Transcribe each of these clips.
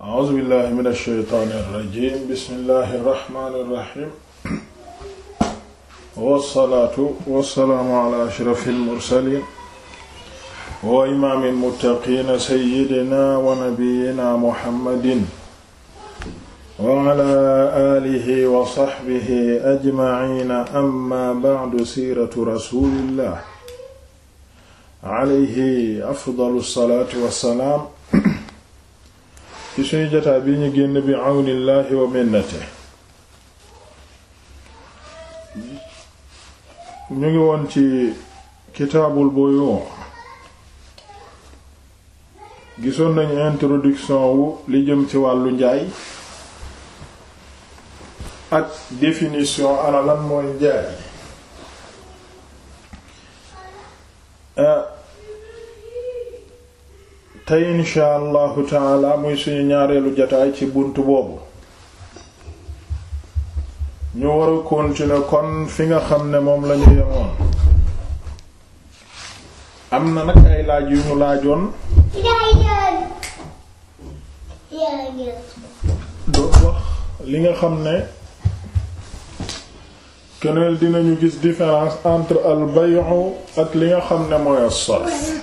a'uuzu billahi mina shaytaani rajiim bismillahi rahmaani rahiim wassalaatu wassalaamu ala ashrafil mursaliin wa imaamil muttaqiin sayyidinaa wa nabiyyinaa muhammadin wa ala aalihi wa sahbihi ajmaciina amma bacdu siiratu rasuulillah alayhi afdalu salaatu wassalaam ci suñu jotaay bi ñu génn bi àwnillaahi wa minnate ñu ngi woon ci kitaabul buyuu gisoon nañu introduction wu li jëm ci wàllu njaay ak définition ana mooy njaay eh, tey insha allahu taala muy suñu ñaareelu jataay ci bunt boobu ñu war a kon fi nga xam ne moom lañu yemoon am na nag ay laaj yu ñu laajoon li nga xam ne keneel dinañu gis différence entre al bay'u ak li nga xam ne mooy as-sarf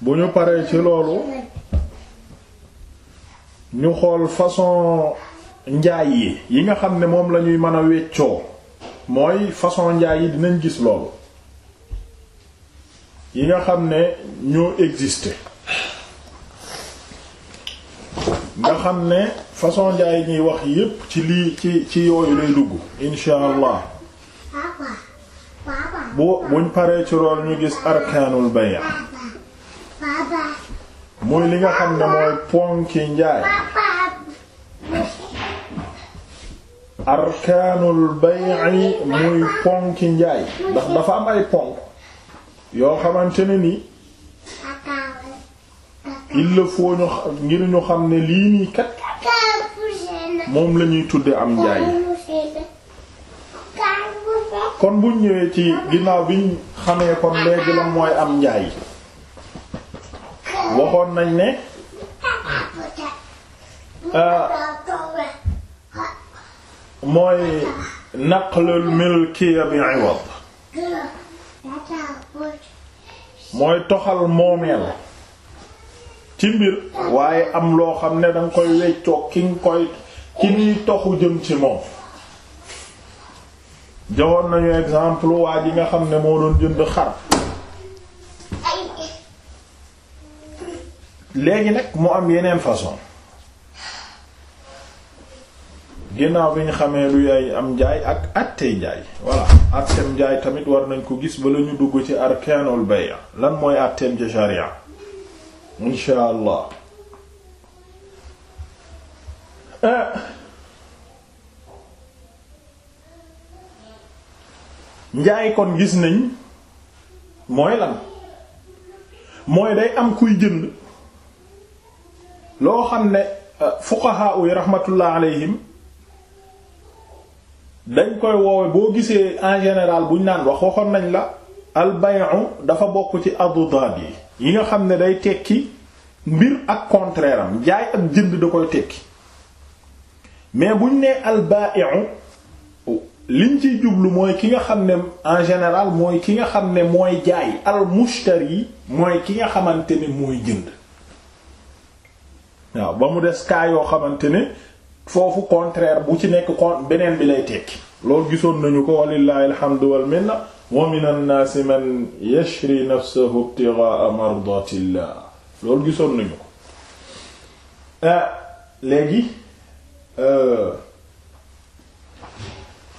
bu ñu paree ci loolu ñu xool façon njaay yi yi nga xam ne moom lañuy ñuy mën a weccoo mooy façon njaay yi dinañ gis loolu yi nga xam ne ñoo exister nga xam ne façon njaay ñuy wax yépp ci lii ci ci yooyu lay dugg insha allah bu buñ paree ci loolu ñu gis arkaanul bay' mooy li nga xam ne mooy ponki njaay arkaanul bay'i muy ponki njaay ndax dafa am ay ponk yoo xamante ne ni il le ñu ngir ñu xam ne lii nii kat moom la ñuy tudde am njaay kon buñ ñëwee ci ginnaaw bi xamee kon léegi la mooy am njaay waxoon nañ ne euh, mooy naqlul milkiya bi iwad mooy toxal moomeel ci mbir waaye am loo xam ne danga koy weccoo ki nga koy ki niy toxu jëm ci moom joxoon nañu exemple waa ji nga xam ne moo doon jënd xar léegi nag mu am yeneen façon gennaaw bi ñu xamee lu yaay am njaay ak àttee njaay voilà àtteem njaay tamit war nañ ko gis ba la dugg ci arkaanul bay lan mooy àtteem ci sharia insha allah njaay kon gis nañ mooy lan mooy day am kuy jënd loo xam ne euh, fuqaha uy rahmatullah alayhim dañ koy woowe boo gisee en général buñ naan wax waxoon nañ la al dafa bokk ci addaad yi yi nga xam ne day tekki mbir ak contraire am jaay ak jënd da koy tekki mais buñ ne al baa'i'u liñ ciy jublu mooy ki nga xam ne en général mooy ki nga xam ne mooy jaay al mushtari mooy ki nga xamante ne mooy jënd waaw ba mu des cas yoo xamante ne foofu contraire bu ci nekk con beneen bi lay tekki loolu gisoon nañu ko walillahi alhamdu wal minna wa a annaasi man yashri nafsahu ibtigha'a mardatillah loolu gisoon nañu ko euh, léegi euh,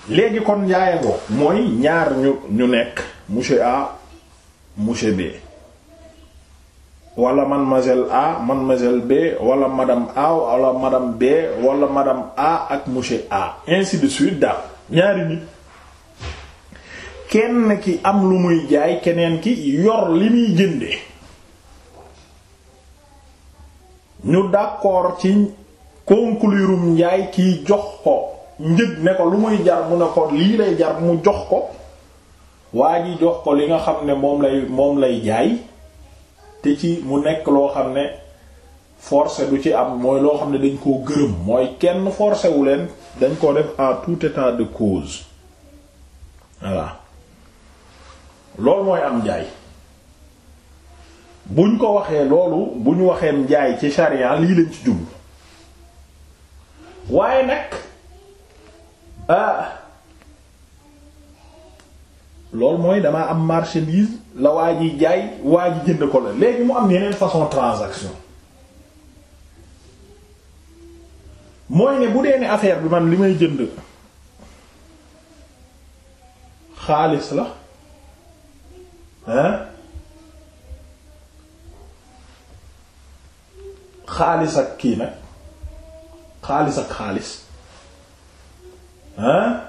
léegi kon yaayangoo mooy ñaar ñu ñu nekk monsieur A monsieur B wala mademoiselle A mademoiselle B wala madame A wala madame B wala madame A ak monsieur A ainsi de suite daal ñaari nit kenn ki am lu muy jaay keneen ki yor li muy jënde ñu d'accord ci conclurum njaay kiy jox ko njëg ne ko lu muy jar mu ne ko lii lay jar mu jox ko waa ji jox ko li nga xam ne moom lay moom lay jaay te ci mu nekk loo xam ne forcé du ci am mooy loo xam ne dañ koo gërëm mooy kenn forcé wu leen dañ koo def en tout état de cause voilà loolu mooy am njaay buñ ko waxee loolu bu ñu waxee njaay ci charia lii lañ ci jublu waaye nag ah, loolu mooy damaa am marchandise la waa ji jaay waa ji jënd ko la léegi mu am yeneen façon transaction mooy ne bu dee ne affaire bi man li may jënd xaalis la hein xaalis ak kii nag xaalis ak xaalis hein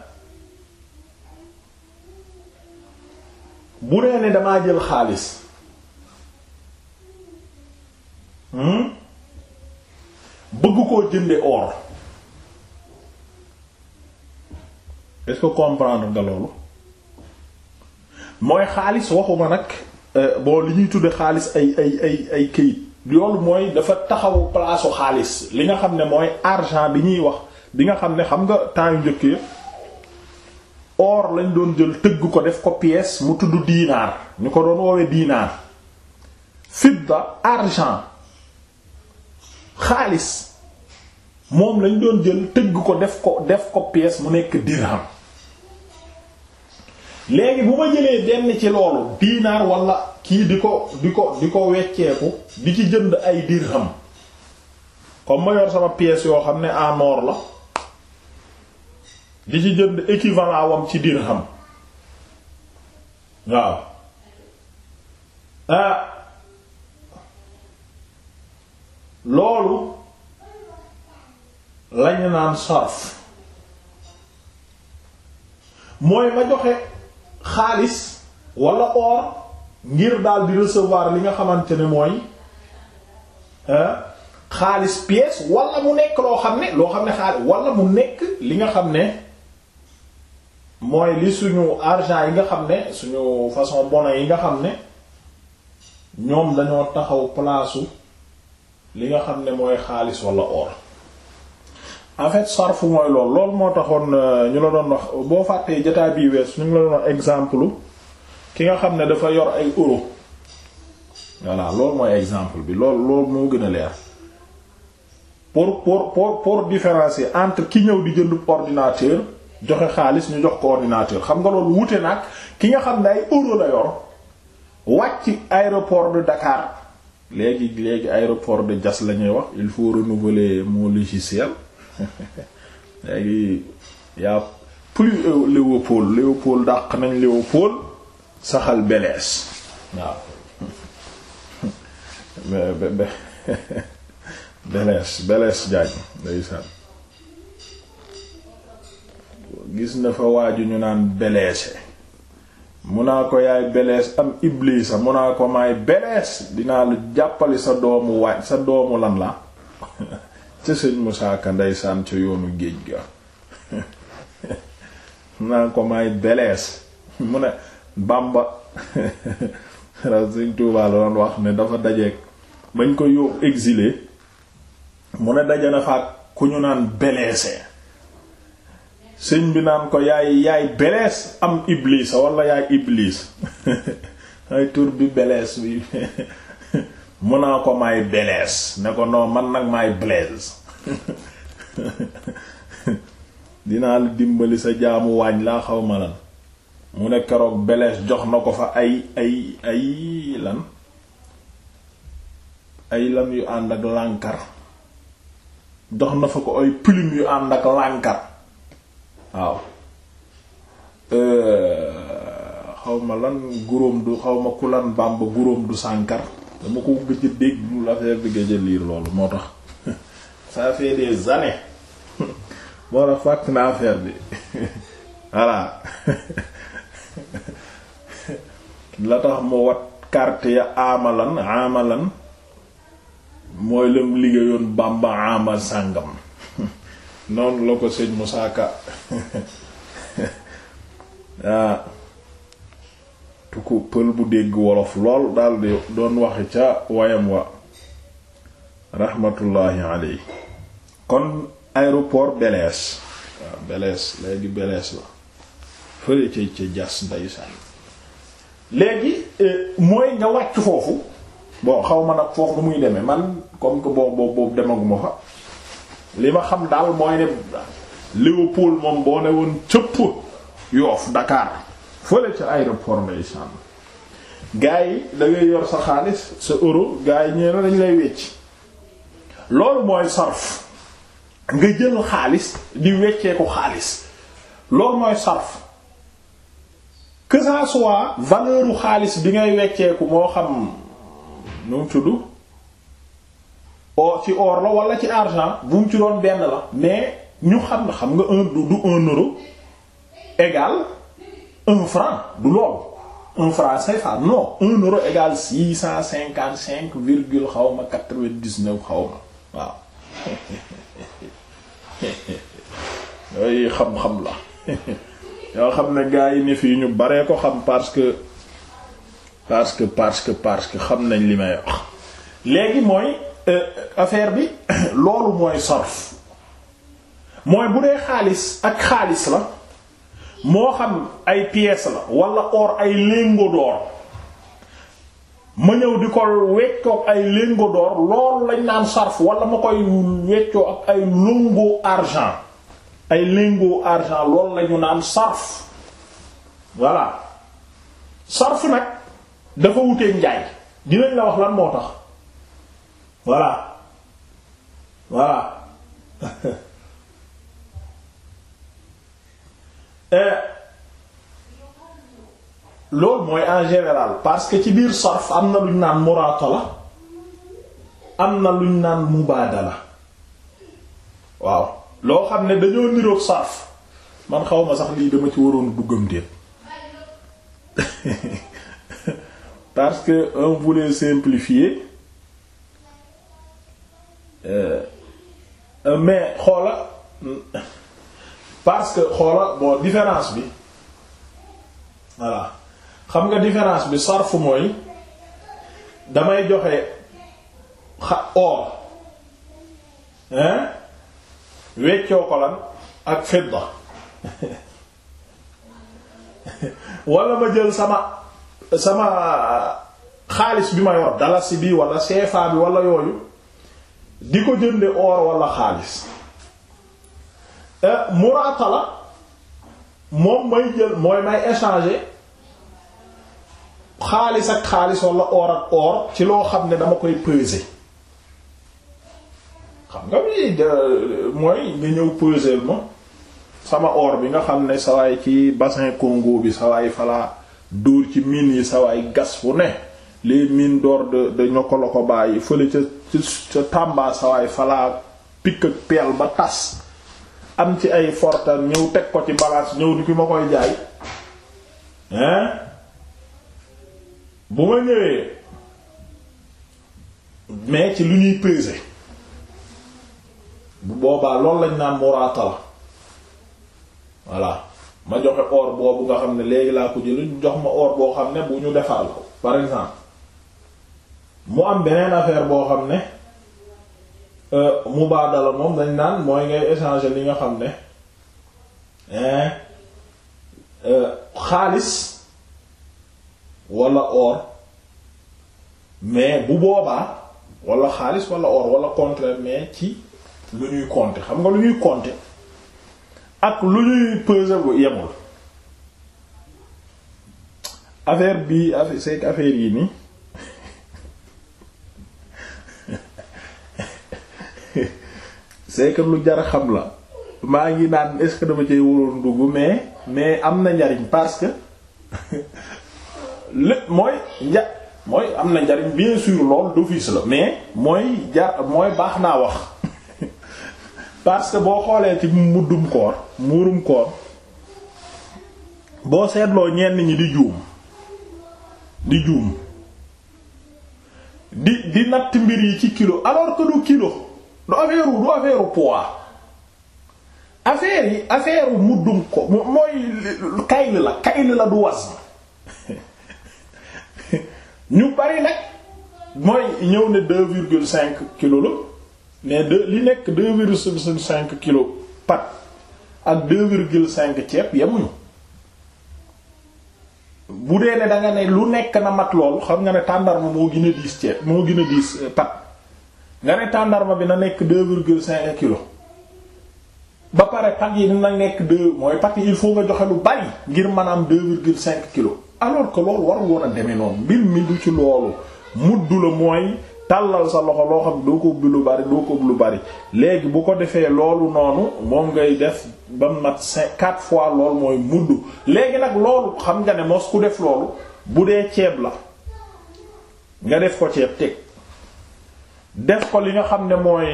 bu dee ne damaa jël xaalis hmm? bëgg koo jënde or est comprendre nga loolu mooy xaalis waxuma nag euh, bon li ñuy tudde xaalis ay ay ay ay këyit loolu mooy dafa taxawu palaasu xaalis li nga xam ne mooy argent bi ñuy wax bi nga xam ne xam nga temps yu or lañ doon jël tëgg ko def ko pièce mu tudd dinaar ñu ko doon woowee dinaar fidda argent xaalis moom lañ doon jël tëgg ko def ko def ko pièce mu nekk dirham léegi bu ma jëlee benn ci loolu dinaar wala kii di ko di ko di ko wecceeku di ci jënd ay dirham comme ma yor sama pièce yoo xam ne en la di ci jënd équivalent wam ci dirham waaw ah. loolu lañu naan sarf mooy ma joxe xaalis walla or ngir daal di recevoir li nga xamante ne mooy ah, xaalis pièce walla mu nekk loo xam ne loo xam ne xaalis walla mu nekk li nga xam ne mooy li suñu argent yi nga xam ne suñu façon bona yi nga xam ne ñoom dañoo taxaw palaasu li nga xam ne mooy xaalis wala or en fait sarfu mooy lool loolu moo taxoon euh, ñu la doon wax boo fàttee jotaay bi wees ñu ngi la doon exemple ki nga xam ne dafa yor ay euro voilà loolu mooy exemple bi lool loolu moo gën a leer pour pour pour pour différencier entre ki ñëw di jënd ordinateur joxe xaalis ñu jox ko ordinateur xam nga loolu wute nag ki nga xam ne ay euro la yor wàcc aéroport de Dakar léegi léegi aéroport de Diass la ñuy wax il faut renouveler mon logiciel léegi y'a plus euh, Léopold Léopold dàq nañ Léopold saxal belees waaw belees belees jaaj gis na fa waaju ñu naan beleese mu naa ko yaay belees am iblisa mu naa ko maay belees dinaa la jàppali sa doomu waaj sa doomu lan la ca sëñ Musaa Ka ndeysaan ca yoonu géej ga mu naa ko maay belees mu ne Bàmba raw sëñ Tuubaa la wax ne dafa dajeek bañ ko yóbbu exilé mu ne dajana faak ku ñu naan beleese sëñ bi naan ko yaay yaay belees am iblis wala yaay iblis ay tur bi belees bi mun naa ko may belees ne ko non man nag may blaise dinaa la dimbali sa jaamu waañ laa xaw ma lan mu ne keroog belees jox na ko fa ay ay ay lan ay lan yu ànd ak lànkar jox na fa ko ay plume yu ànd ak lànkar waaw euh, xawma lan guróom du xawma ku lan bàmba guróom du sànkar dama ko gëj a dégg lu affaire bi gëj a liir loolu moo tax ça fait des années moo tax fàkk na affaire bi voilà la tax mu wat carte ya amalan amalan mooy lam liggéeyoon bàmba amal sàngam noonu la ko sëñ Moussa Ka ah tuku pël bu dégg wolof lool daldi doon waxe ca wayam wa rahmatullahi aley kon aéroport Belees waaw ah, Belees léegi Belees la fële ca ca jas ndeysaan léegi eh, mooy nga wàcc foofu boo xaw ma nag foofu nu muy demee man comme que boobu boobu demaguma fa li ma xam daal mooy ne Léopold moom boo ne woon cëpp yoof Dakar fële ca aéroport nay sànn gars yi dangay yor sa xaalis sa euro gars yi ñeena dañ lay wecc loolu mooy sarf nga jël xaalis di wecceeku xaalis loolu mooy sarf que ça xaalis bi ngay wecceeku moo xam nu mu tudd o ci or la wala ci argent bu mu ci doon benn la mais ñu xam nga xam nga un du un euro égale un franc du loolu un franc CFA non un euro égale six cinquante cinq virgule xaw ma quatre vingt xaw ma waaw xam-xam la yoo xam ne gars yi ni fii ñu baree ko xam parce que parce que parce que parce que xam nañ li may léegi mooy. Euh, affaire bi loolu mooy sarf mooy bu dee xaalis ak xaalis la moo xam ay pièces la wala or ay lingots d'or ma ñëw di ko weccoo ay lingots d'or loolu lañ naan sarf wala ma koy weccoo ay lingots argent ay lingots argent loolu lañu naan sarf voilà sarf nag dafa wutee njaay dinañ la wax lan moo tax voilà voilà loolu mooy en général parce que ci biir sarf am na lu naan naan muraatala am na lu ñu naan mubaadala waaw loo xam ne dañoo niroog sarf man xaw ma sax lii dama ci waroon duggam déet parce que on voulait Euh, mais xoola parce que xoola bon différence bi voilà xam nga différence bi sarfu mooy damay joxe xa or hein weccoo ko lan ak fidda walla ma jël sama sama xaalis bi ma yor dalasi bi wala CFA bi wala yooyu di ko jënde or wala xaalis eh, muraatala moom may jël mooy may échanger xaalis ak xaalis wala or ak or ci loo xam ne dama koy peser xam nga bi mooy nga ñëw peser ma sama or bi nga xam ne sawaay ci bassin Congo bi sawaay falaa dóor ci mine yi sawaay gas fu ne les mines d'or de de ñokkaloo ko bàyyi fële ca ca Tamba sawaay falaa pikk ak peel ba tas am ci ay fortan ñëw teg ko ci balance ñëw du ki ma koy jaay hein bu ma ñëwee mais ci lu ñuy peser bu boobaa lool lañ naan muraata la voilà ma joxe or boobu nga xam ne léegi laa ko jël jox ma or boo xam ne bu ñu defaal ko par exemple mu am beneen affaire boo xam ne euh, mubaadala moom dañ naan mooy ngay échanger li nga xam ne euh, xaalis walla or mais bu boobaa walla xaalis walla or walla contraire mais ci lu ñuy compter xam nga lu ñuy compter ak lu ñuy peser bu yemul affaire bi affaire c'est affaire yi nii c'est que lu jar xam la maa ngi naan est-ce que dama dugg mais mais am na njariñ parce que lépp mooy nja mooy am na njariñ bien sûr lool d'office la mais mooy jar mooy baax naa wax parce que boo xoolee ci muddum koor muurum koor boo seetloo ñenn ñi di juum di juum di di natt mbir yi ci kilo alors que kilo du affaire du affaire poids affaire yi affaire muddum ko mooy kayl la kayl la du wazn ñu bari nag mooy ñëw ne deux virgule cinq kilo la mais de li nekk deux virgule cinq kilo pat ak de virgule cinq ceeb yemuñu bu dee ne da ne lu nekk na mat loolu xam nga ne tàndarma moo gën a diis ceeb moo gën a diis eh, pat nga ne tàndarma bi na nekk deux virgule cinq kilos ba pare pat yi dina nekk deux mooy pat yi il faut nga joxe lu bari ngir maanaam deux virgule cinq kilos alors ko loolu war woon a demee noonu mbir mi du ci loolu mudd la mooy tàllal sa loxo loo xam doo ko lu bari doo lu bari léegi bu ko defee loolu noonu moom ngay def ba mat cinq quatre fois loolu mooy mudd léegi nag loolu xam nga ne mos ku def loolu bu dee ceeb la nga def ko ceeb teg def ko li nga xam ne mooy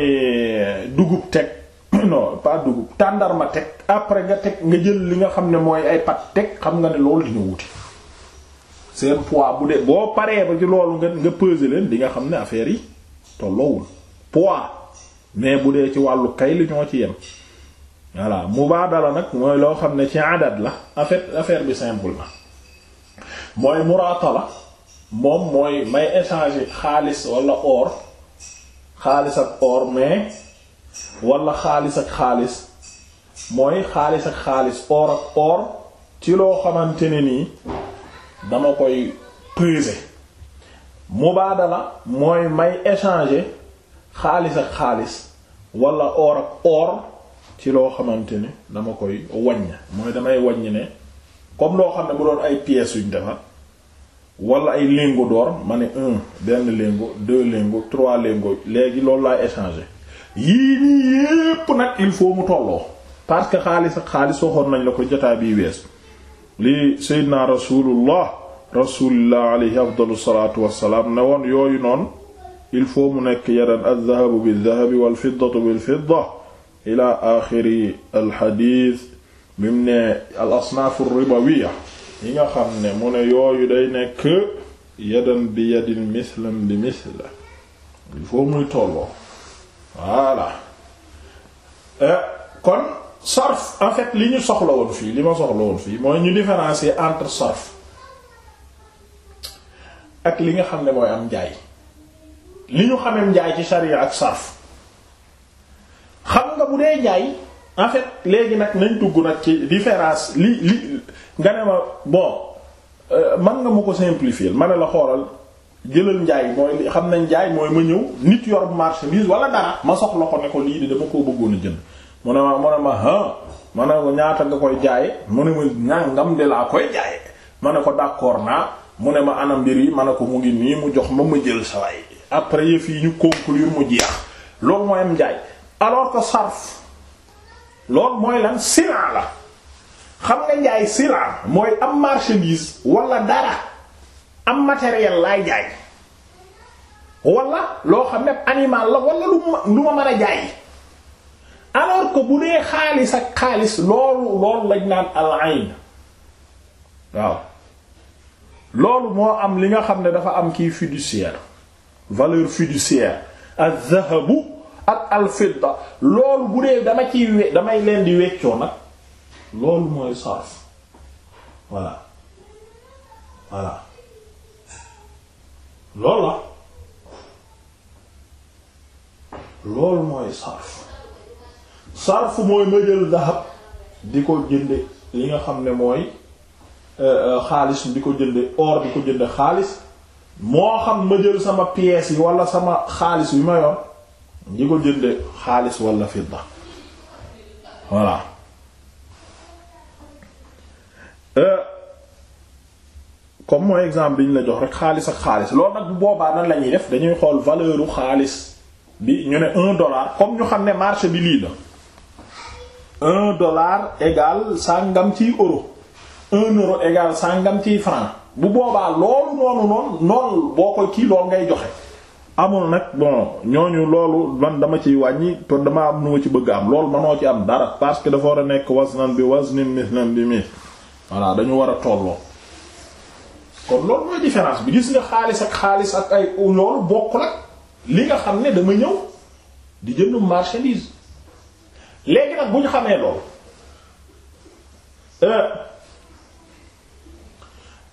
euh, dugub teg non pas dugub tàndarma teg après nga teg nga jël li nga xam ne mooy ay pat teg xam nga ne loolu dina wuti seen poids bu dee boo paree ba ci loolu nga nga peser leen di nga xam ne affaire yi tolloowul poids mais bu dee ci wàllu kay li ñoo ci yem voilà mubaadala nag mooy loo xam ne ci adat la en fait affaire bi simple na mooy la moom mooy may échanger xaalis wala or xaalis ak or mais wala xaalis ak xaalis mooy xaalis ak xaalis or ak or ci loo xamante ne nii dama koy peser mubaadala mooy may échangé xaalis ak xaalis wala or ak or ci loo xamante ne dama koy wàññ mooy damay wàññ ne comme loo xam ne bu doon ay pièces yuñ defar wala ay lingots d'or ma ne un benn lingot deux lingots trois lingots léegi loolu laay échanger yii nii yépp nag il faut mu tolloo parce que xaalis ak nañ la ko jotaay biy wees li Seydina rasulullah rasulillah alayhi afdalu salatu wassalaam ne woon yooyu noonu il faut mu nekk yadan aldahabu bildahabi walfiddatu bilfidda ila axiri alxadis bi mu ne al asnaaf ribawiya yi nga xam ne mu ne yooyu day nekk yadan bi yadin mislam bi misla il faut muy tolloo voilà euh, kon sarf en fait li ñu soxla woon fii li ma soxla woon fii mooy ñu différencier entre sarf ak li nga xam ne mooy am njaay li ñu xamee njaay ci sharia ak sarf xam nga bu dee njaay en fait léegi nag nañ dugg nag ci différence li li nga ne ma bon euh, man nga ma ko simplifier ma ne la xoolal jëlal njaay mooy xam nañ njaay mooy ma ñëw nit yor marchandise wala dara ma soxla ko ne ko lii de dama koo bëggoon a jënd mu ne ma mu ne ma ah ma ne ko ñaata nga koy jaaye mu ne ma ñàngam de laa koy jaaye ma ne ko d'accord naa mu ne ma anam mbir yi ma ne ko mu ngi nii mu jox ma ma jël sa après yëf yi ñu conclure mu jeex loolu mooy am njaay loolu mooy lan sila la xam nga njaay sila mooy am marchandise walla dara am matériel laay jaay wala loo xam ne animal la walla lu ma lu ma a jaay alors que bu dee xaalis ak xaalis loolu loolu lañ naan al ayn waaw loolu moo am li nga xam ne dafa am kii fiduciaire valeur fiduciaire az-zahabu ak alfidda loolu bu dee dama ciy we damay leen di weccoo nag loolu mooy sarf voilà voilà loolu la loolu mooy sarf sarf mooy ma jël dahab di ko jënde li nga xam ne mooy euh, euh, xaalis di ko jënde or di ko jënde xaalis moo xam ma jël sama pièce yi wala sama xaalis bi ma yor ñi ko jënde xaalis wala fidda voilà euh, comme mooy exemple bi ñu la jox rek xaalis ak xaalis loolu nag bu boobaa nan la ñuy def dañuy xool valeur u xaalis bi ñu ne un dollar comme ñu xam ne marché bi lii la un dollar égal sangam ciy euro un euro égal sangam ciy franc bu boobaa loolu noonu noonu noonu boo ko kii loolu ngay joxe amul nag bon ñooñu loolu man dama ciy wàññi te dama am nu ma ci bëgg am loolu manoo ci am dara parce que dafa war a nekk wasnan bi wasnin mislan bi mi voilà dañu war a tolloo kon loolu mooy différence bi gis nga xaalis ak xaalis ak ay loolu bokk ak li nga xam ne dama ñëw di jënd marchandise léegi nag bu ñu xamee loolu euh,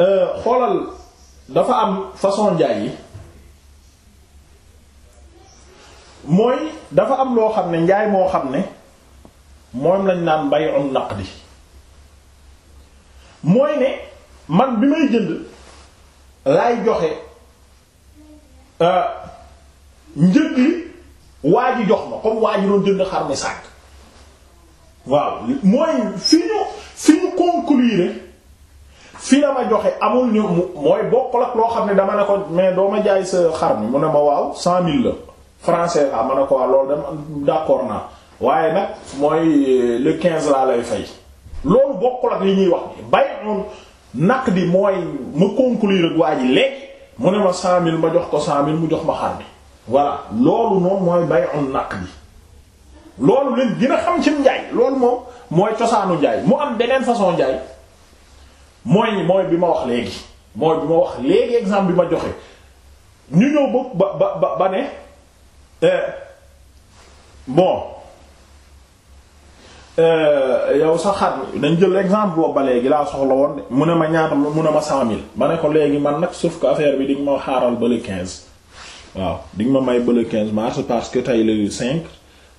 euh, xoolal dafa am façon njaay yi mooy dafa am loo xam ne njaay moo xam ne moom lañ naan bay'un naqdi mooy ne man bi may jënd lay joxe euh, njëg li waa ji jox ma comme waa ji jënd xar mi sàkk waaw mooy fi ñu fi ñu conclure fi la ma joxe amul ñu mooy bokkul loo xam ne dama ne ko mais doo ma jaay sa xar mi mu ne ma waaw cent mille la français la ma ne ko waa loolu dama d'accord naa waaye nag mooy euh, le quinze laa lay fay loolu bokkul ak li ñuy wax bay on naq di mooy ma conclure ak waa ji léegi mu ne ma cent mille ma jox ko cent mille mu jox ma xar bi voilà loolu noonu mooy bay on naq di loolu leen dina xam ci njaay loolu moom mooy cosaanu njaay mu am deneen façon njaay mooy mooy bi ma wax léegi mooy bi ma wax léegi exemple bi ma joxe ñu ñëw ba ba ba ba ne Eh, bon eh, yow sa xar dañ jël exemple ba léegi laa soxla woon mu ne ma ñaata mu ne ma cent mille ma ne ko léegi man nag sauf que affaire bi di nga ma xaaral ba le quinze waaw di nga ma may ba le quinze mars parce que tey le cinq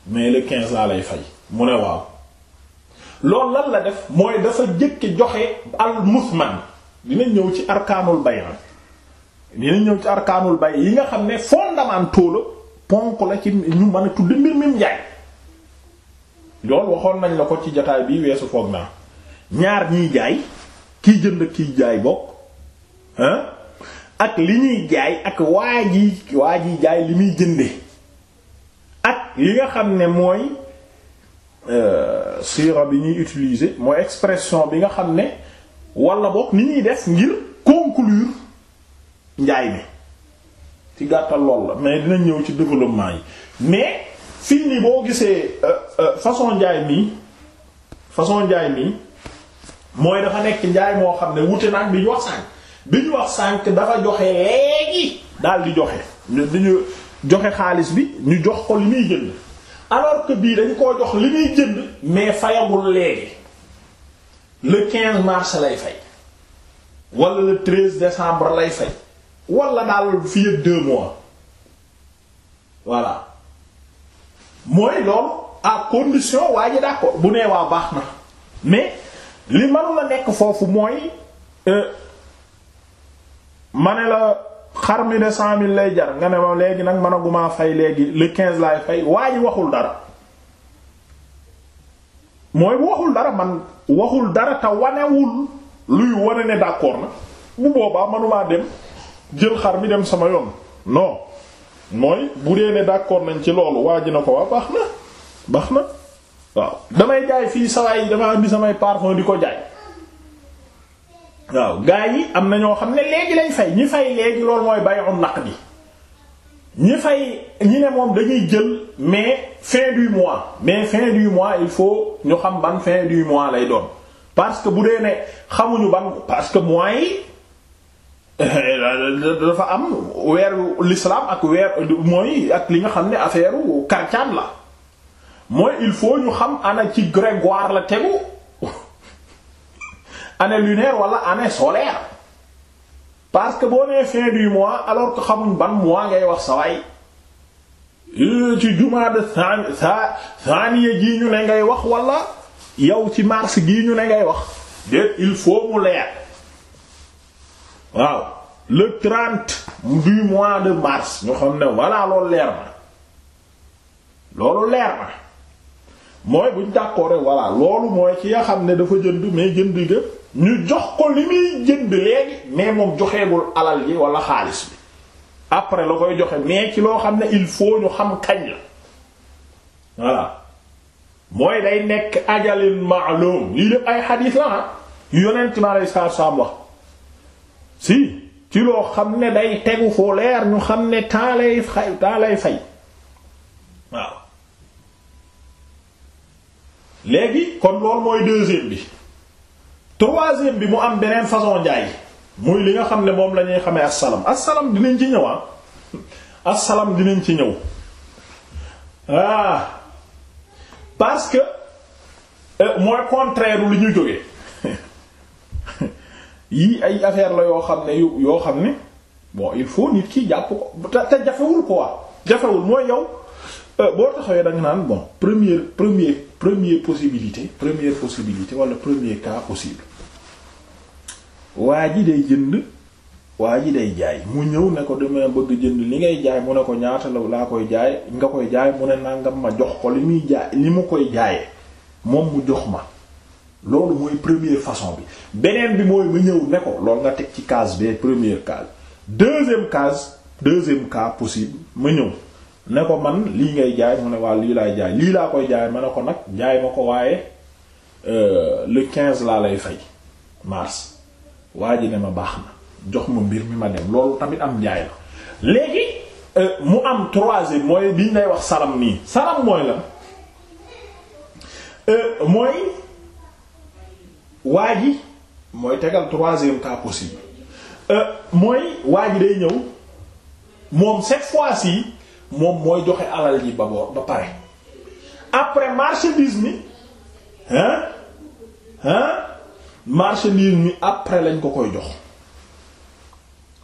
mais le quinze laa lay fay mu ne waaw loolu lan la def mooy dafa jëkk joxe al musman dina ñëw ci arkaanul bay na dina ñëw ci arkaanul bay yi nga xam ne fondamental ponk la ci ñu mën a tudd mbir mim njaay loolu waxoon nañ la ko ci jotaay bi weesu foog naa ñaar ñiy jaay kiy jënd kiy jaay bokk hein ak li ñuy jaay ak waa ji jaay li muy jënde ak li nga xam ne mooy euh, sira bi ñuy utiliser mooy expression bi nga xam ne walla bokk ni ñuy def ngir conclure njaay mi ci gàttal lool la mais dina ñëw ci développement yi mais fii nii boo gisee euh, euh, façon njaay mi façon njaay mi mooy dafa nekk njaay moo xam ne wute naag bi ñu wax sànq bi ñu wax sànq dafa joxe léegi daal di joxe dañu joxe xaalis bi ñu jox ko li muy jënd alors que bii dañ koo jox li muy jënd mais fayagul léegi le 15 mars lay fay wala le 13 décembre lay fay. wala daal fii ak deux mois voilà mooy loolu à condition waa ji d'accord bu nee waa baax na mais li manu la nekk foofu mooy euh, ma ne la xar mi de cent mille lay jar nga ne ma léegi nag mënaguma fay léegi le quinze laay fay waa ji waxul dara mooy bu waxul dara man waxul dara te wanewul luy wane ne d'accord na bu boobaa manumaa dem jël xar mi dem sama yoon non mooy bu dee ne d'accord nañ ci loolu waa ji na ko waa baax na baax na waaw damay jaay fii sawaay yi dama indi samay parfum di ko jaay waaw gaa yi am na ñoo xam ne léegi lañ fay ñi fay léegi loolu mooy bàyyi bay'un naqdi ñi fay ñi ne moom dañuy jël mais fin du mois mais fin du mois il faut ñu xam ban fin du mois lay doon parce que bu dee ne xamuñu ban parce que mois yi dafa am weeru l'islam ak weer mooy ak li nga xam ne affaire karcaan la mooy il faut ñu xam ana ci grégoire la tegu année lunaire wala année solaire parce que boo nee fin du mois alors que xamuñ ban mois ngay wax saway euh, ci jumaada sa thaniya gii ñu ne ngay wax walla yow ci mars gii ñu ne ngay wax déet il faut mu leer waaw le trente du mois de mars ñu xam ne voilà loolu leer na loolu mooy buñ d'accord rek voilà loolu mooy ki nga xam ne dafa jënd mais jënd ga ñu jox ko li muy jënd léegi mais moom joxeegul alal ji wala xaalis bi après la koy joxe mais ci loo xam ne il faut ñu xam kañ la voilà mooy day nekk ajalin ma'lum lii def ay xadiis la ah yu yonent mi aleyhi salaatu salaam wax si ci loo xam ne day tegu foo leer ñu xam ne temps lay fay temps fay waaw léegi kon loolu mooy deuxième bi troisième bi mu am beneen façon njaay muy li nga xam ne moom lañuy xame xamee assalam assalam dinañ ci ñëwaa ah assalam dinañ ci ñëw ah parce que euh, mooy contraire lu ñu jóge yii ay affaire la yoo xam ne yoo xam ne bon il faut nit ki jàpp ko te te jafewul quoi jafewul mooy yow euh, boo taxawee da nga naan bon première première première possibilité première possibilité wala premier cas possible waa ji day jënd waa ji day jaay mu ñëw ne ko dama bëgg jënd li ngay jaay mu ne ko ñaata la laa koy jaay nga koy jaay mu ne nangam ma jox ko li muy jaay li mu koy jaayee moom mu jox ma loolu mooy première façon bi beneen bi mooy ma ñëw ne ko loolu nga teg ci case bi première case deuxième case deuxième cas possible ma ñëw ne ko man lii ngay jaay mu ne waa lii laay jaay lii laa koy jaay ma ko nag jaay ma ko waaye euh, le 15 laa lay fay mars waa ji ne ma baax na jox ma mbir mi ma dem loolu tamit am njaay la léegi euh, mu am troisième mooy biñ lay wax saram nii saram mooy la euh, mooy waa ji mooy tegal troisième cas possible euh, mooy waa ji day ñëw moom cette fois-ci moom mooy joxe alal ji ba boor ba pare après marchandise mi hein hein marchandise mi après lañ ko koy jox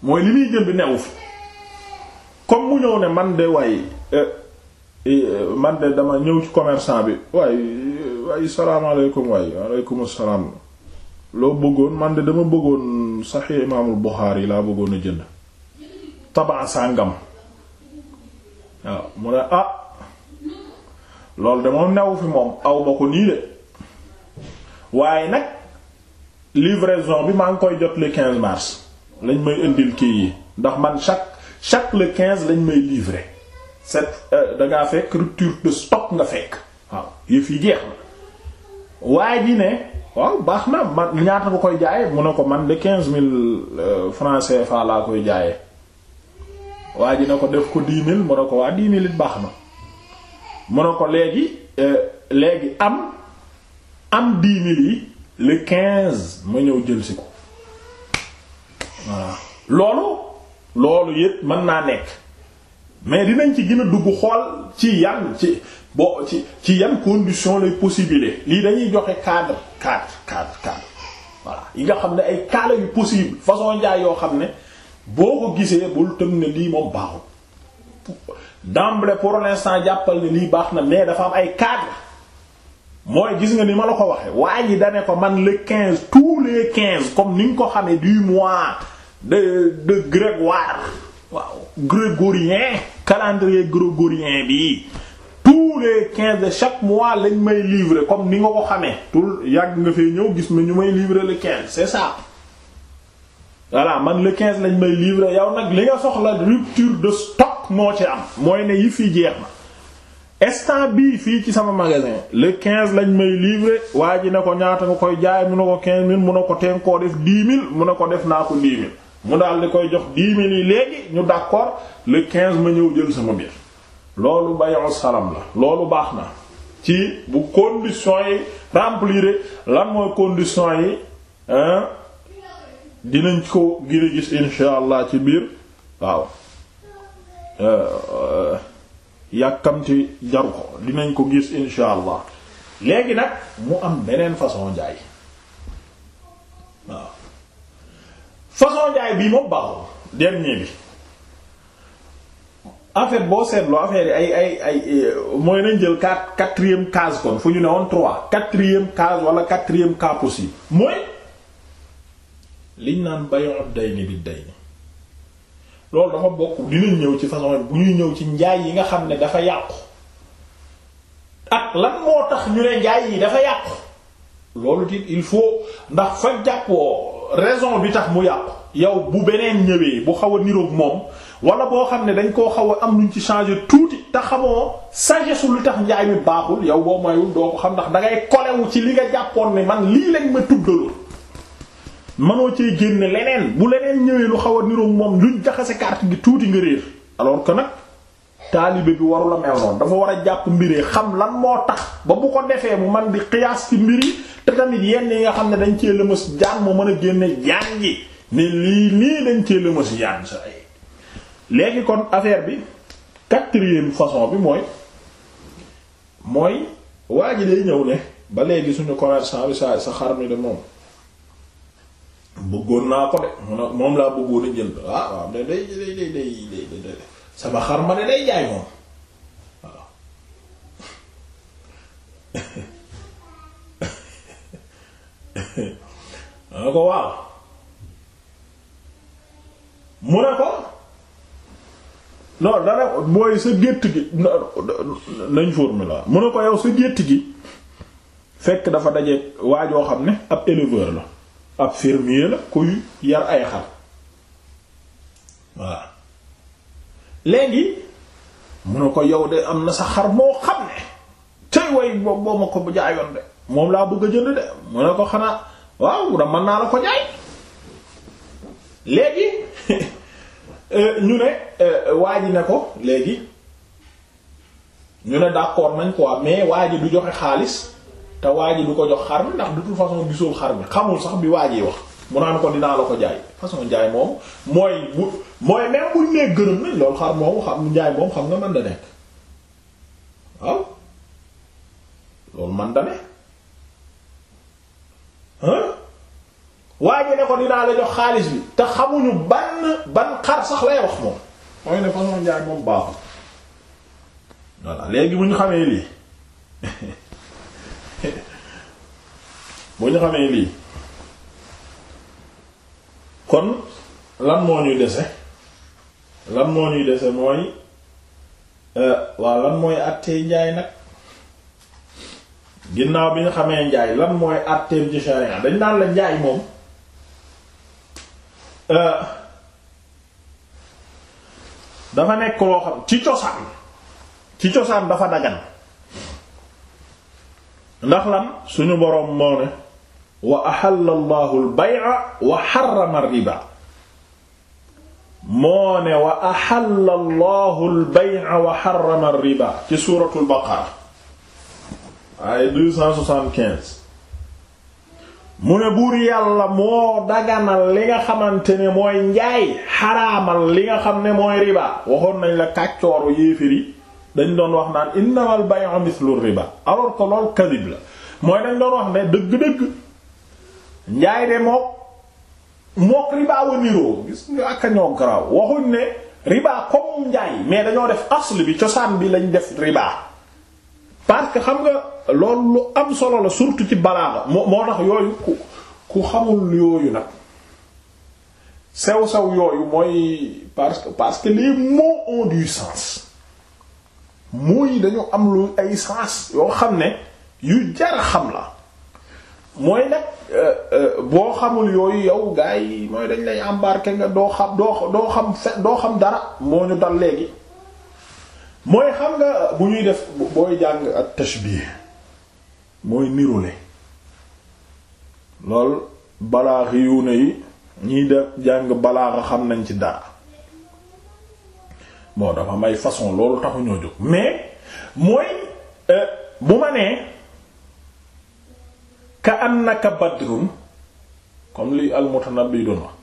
mooy li muy jënd newu fi comme mu ñëw ne man de waaye euh, euh, man de dama ñëw ci commerçant bi waaye waaye salaamaaleykum waaye waaleykum salaam loo bëggoon man de dama bëggoon sax saxi imaamul yi laa bëggoon a jënd tabaa sàngam waaw mu ne ah loolu de moom new fi moom aw ma ko nii de waaye nag livraison bi maa ngi koy jot le 15 mars lañ may indil kii yi ndax man chaque chaque le quinze lañ may livrer cette euh, dangaa fekk rupture de stock nga fekk waaw yëf yi jeex na waaye ji waaw baax na man ñaata ko koy jaayee mu ne ko man de quinze mille euh, francs CFA laa koy jaaye waa ji ne ko def ko dix mille mu ne ko waa dix mille it baax na mu ne ko léegi euh, léegi am am dix mille yi le quinze ma ñëw jël si ko voilà loolu loolu yëpp mën naa nekk mais dinañ ci gën a dugg xool ci yan ci boo ci ci yan condition lay possible lii dañuy joxe cadre cadre cadre cadre voilà yi nga xam ne ay cadre yu possible façon njaay yoo xam ne boo ko gisee bul tëm ne lii moom baaxul d'emblée pour l'instant jàppal ne lii baax na mais dafa am ay cadre mooy gis nga ni ma la ko waxee waa ji da ko man le quinze tous les quinze comme ni nga ko xamee du mois de de grégoire waaw grégorien calendrier grégorien bi tous les quinze de chaque mois lañ may livrer comme ni nga ko xamee tout yàgg nga fee ñëw gis ma ñu may livrer le quinze c'est ça voilà man le quinze lañ may livrer yow nag li nga soxla rupture de stock moo ci am mooy ne yi fii jeex na instant bi fii ci sama magasin le quinze lañ may livrer waa ji ne ko ñaata nga koy jaay mu ne ko quinze mille mun ko teen koo def dix mille mun na ko def naa ko dix mu daal di koy jox dix mille yi léegi ñu d'accord le quinze ma ñëw jël sama biir loolu bayu salam la loolu baax na ci bu conditions yi remplir lan mooy conditions yi dinañ ko gën a gis insha ci biir waaw euh, yàkkamti jaru ko dinañ ko gis insha allah léegi nag mu am beneen façon jaay waaw façon jaay bi moom baaxul dernier bi en boo seetloo affaire yi ay ay ay euh, mooy nañ jël quatre quatrième case kon fu ñu ne woon trois quatrième case wala quatrième cas possible mooy liñ naan bay'u dayni bi dayni loolu dafa bokk dinañ ñëw ci façon bu ñuy ñëw ci njaay yi nga xam ne dafa yàqu ak lan moo tax ñu ne njaay yi dafa yàqu loolu tit il faut ndax fa jàppoo raison bi tax mu yàqu yow bu beneen ñëwee bu xaw a niroog moom wala boo xam ne dañ koo xaw a am luñ ci changer tuuti te xamoo sagesse lu tax njaay mi baaxul yow boo mayul doo ko xam ndax da kolewu ci li nga jàppoon ne man lii lañ ma tuddaloo manoo cee génne leneen bu leneen ñëwee lu xaw a niroog moom luñ jaxase carte gi tuuti nga réer alors que nag taalibe bi warula mel noonu dafa war a jàpp mbiree xam lan moo tax ba bu ko defee mu man di xiyaas ci mbir yi te tamit yenn yi nga xam ne dañ cee lëmës jaan moo mën a génne jaan ji ne lii nii dañ cee lëmës jaan léegi kon affaire bi quatrième façon bi mooy mooy waa ji day ñëw ne ba léegi suñu commerçant bi saa sa xar mi de moom bëggoon naa ko de moom laa bëggoon a jël ah, waaw waaw mu ne ko non dara mooy sa gétt gi nañ formula mu ne ko yow sa gétt gi fekk dafa daje waajoo xam ne ab éleveur la ab fermier la kuy yar ay xar waaw léegi mu ne ko yow de am na sa xar moo xam ne tey way boo ma ko jaayoon de moom laa bëgg a jënd de mu ne ko xanaa waaw da mën naa la ko jaay léegi Euh, ñu ne euh, waa ji ne ko léegi ñu ne d'accord nañ ko quoi mais waaji ji du joxe xaalis te waa ji du ko jox xar mi ndax de toute façon gisul xar mi xamul sax bi waa ji wax mu naan ko dinaa la ko jaay façon jaay moom mooy bu mooy même buñ nee gërëm nañ loolu xar moomu xam jaay moom xam nga mën da nekk waaw loolu man da ne hein waa ji ne ko dinaa la jox xaalis bi te xamuñu ban ban xar sax lay wax moom mooy ne façon njaay moom baaxul voilà léegi mu ñu xamee lii bu ñu xamee lii kon lan moo ñuy dese lan moo ñuy dese mooy euh, waa lan mooy àttee njaay nag ginnaaw bi ñu xamee njaay lan mooy àtteem ci sharia dañ naan la njaay moom Euh, dafa nekk loo xam ci cosaan dafa dagan ndax lan suñu boroom moo ne wa axalla allahu albay'a wa xarama alriba moo ne wa axalla allahu albay'a wa xarama alriba ci suuratu albaqara ay 275 mu ne buur yàlla moo daganal li nga xamante ne mooy njaay xaraamal li nga xam ne mooy riba waxoon nañ la kàccooru yéefér yi dañ doon wax naan innamal bay'u mislu riba alors ko lool kadib la mooy dañ doon wax ne dëgg-dëgg njaay de mook mook riba wa niroo gis nga ak ñoo garaaw waxuñ ne riba comme njaay mais dañoo def asl bi cosaan bi lañ def riba parce que xam nga loolu lu am solo la surtout ci balaaga moo moo tax yooyu ku ku xamul yooyu nag sew sew yooyu mooy parce que parce que les mots ont du sens mots yi dañu am lu ay sens yoo xam ne yu jar xam la mooy nag euh, euh, boo xamul yooyu yow gars yi mooy dañ lay embarquer nga doo xam doo doo xam doo xam dara moo ñu dal léegi. mooy xam nga bu ñuy def booy jàng ak tashbih mooy nirule lool balaax yu ne yi ñiy def jàng balaaxa xam nañ ci dara moo dafa may façon loolu taxuñoo jóg mais mooy euh, bu ma nee ka annaka badrun comme li al Mutanabbi doon wax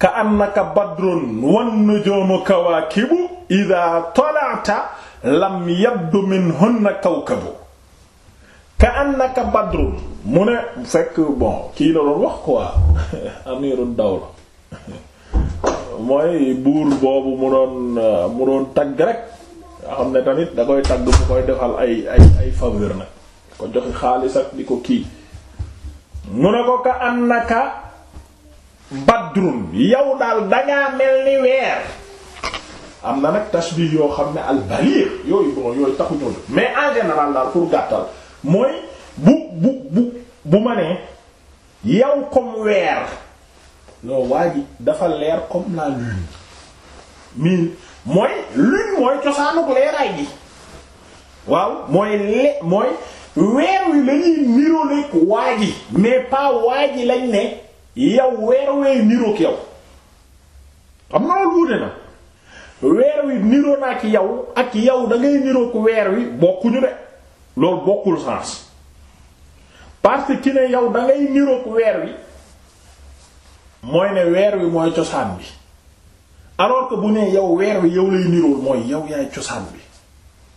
ka annaka badrun wan nujumu kawaakibu idha tala'ta lam yabdu minhunna kawkabu ka annaka badrun mu ne fekk bon kii la doon wax quoi amirul dawla mooy buur boobu mu doon uh, mu doon tagg rek nga xam ne tamit da koy tagg mu koy defal ay ay ay faveur nag ko joxe xaalis ak di ko kii mu ne ko ka annaka badrun yow daal dangaa mel ni weer am na nag tashbih yoo xam ne al balir yooyu bon yooyu taxu ñëw mais en général daal pour gàttal mooy bu bu bu bu ma nee yow comme weer non waa ji dafa leer comme la lune mi mooy lune mooy cosaanuk leeraay gi waaw mooy le mooy weer wi la ñuy niroleeg waa ji mais pas waa ji lañ ne yow weer wee niroog yow xam nga loolu wuute na weer wi niroo ak yow ak yow dangay ngay niroog weer wi bokkuñu de loolu bokkul sens parce que ki ne yow da ngay niroog weer wi mooy ne weer wi mooy cosaan bi alors que bu ne yow weer wi yow lay nirool mooy yow yaay cosaan bi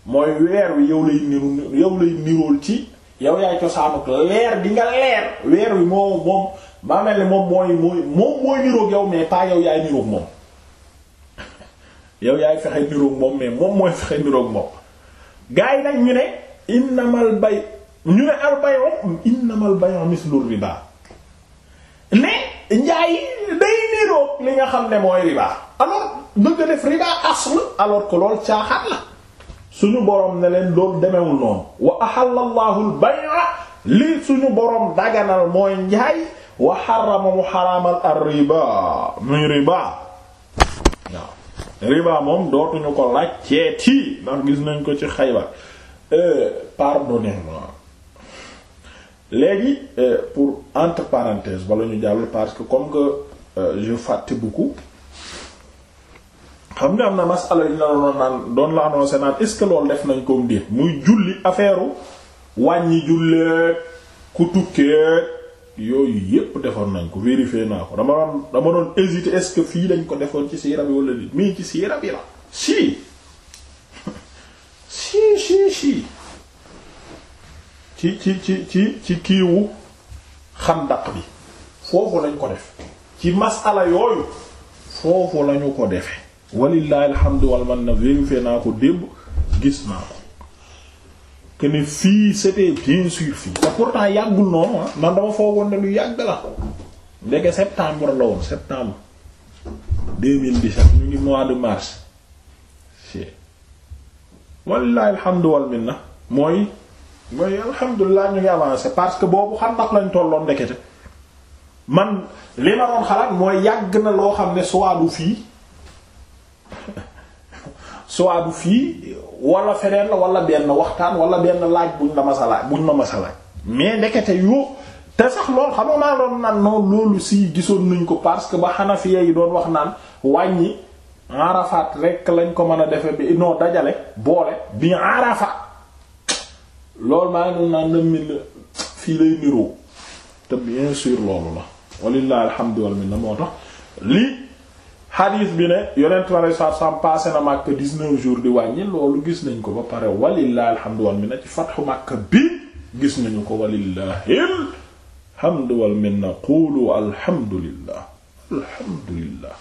mooy weer wi yow lay niru yow lay nirool ci yow yaay cosaanuk leer di leer weer wi moo moom maa mel moom mooy mooy moom mooy niroog yow mais pas yow yaay niroog moom yow yaay fexe niroog moom mais moom mooy fexe niroog moom gars nag ñu ne innamal bay ñu ne al bayu innamal bayu mislu riba ne njaay day niroog li nga xam ne mooy riba alors bëgg a def asl alors que lool caaxaan la suñu boroom ne leen loolu demewul noonu wa ahalla allahu al lii suñu borom daganal mooy njaay wa xarama mu xaraamal ar riba muy riba waaw riba moom dootuñu ko laaj ceeti ndax gis nañ ko ci Xaybar euh, pardonnez-moi léegi euh, pour entre parenthèses ñu jàll parce que comme que euh, je fàtte beaucoup xam nga am na masala yi la doon naan doon la annoncé naan est def nañ ko mu muy julli affaire wàññi julleeg ku tukkee. yooyu yépp defoon nañ ko vérifié naa ko dama doon dama doon ce que fii dañ ko defoon ci siira bi wala li mii ci siira bi la si si si ci ci ci ci ci kiiwu xandaq bi foofu lañ ko def ci masala yooyu foofu lañu ko defe walillahi alhamdu wal man na vérifié naa ko démb gis naa ko que ne fii c'était bien sûr fii te pourtant yàggul noonu ah. man dama foogoon ne lu yàgg la ndeke septembre la woon septembre 2017 ñu ngi mois de mars wallahi alhamdu wal minna mooy mooy alhamdulilah ñu ngi avancé parce que boobu xam ndax lañ tolloon ndekete man li ma doon xalaat mooy yàgg na loo xam ne soit du fii soit du fii wala feneen la wala benn waxtaan wala benn laaj buñ la masa buñ ma masa laaj mais ndekete yoo te sax lool xam naa maa doon naan noonu loolu si gisoon nañ ko parce que ba Hanafiya yi doon wax naan wàññi Arafat rekk lañ ko mën a defe bi non dajale boole bi Arafat loolu maa ngi doon naan la mil fii lay niroo te bien sûr loolu la walillahi alhamdu wal minna moo tax lii xadiis bi ne yonent bi alei satu na Makka dix-neuf jours di wàññi loolu gis nañ ko ba pare walilah alhamdu wal minna ci fatxu Makka bi gis nañu ko walillahi alhamdu wal minna qulu alhamdulillah alhamdulillah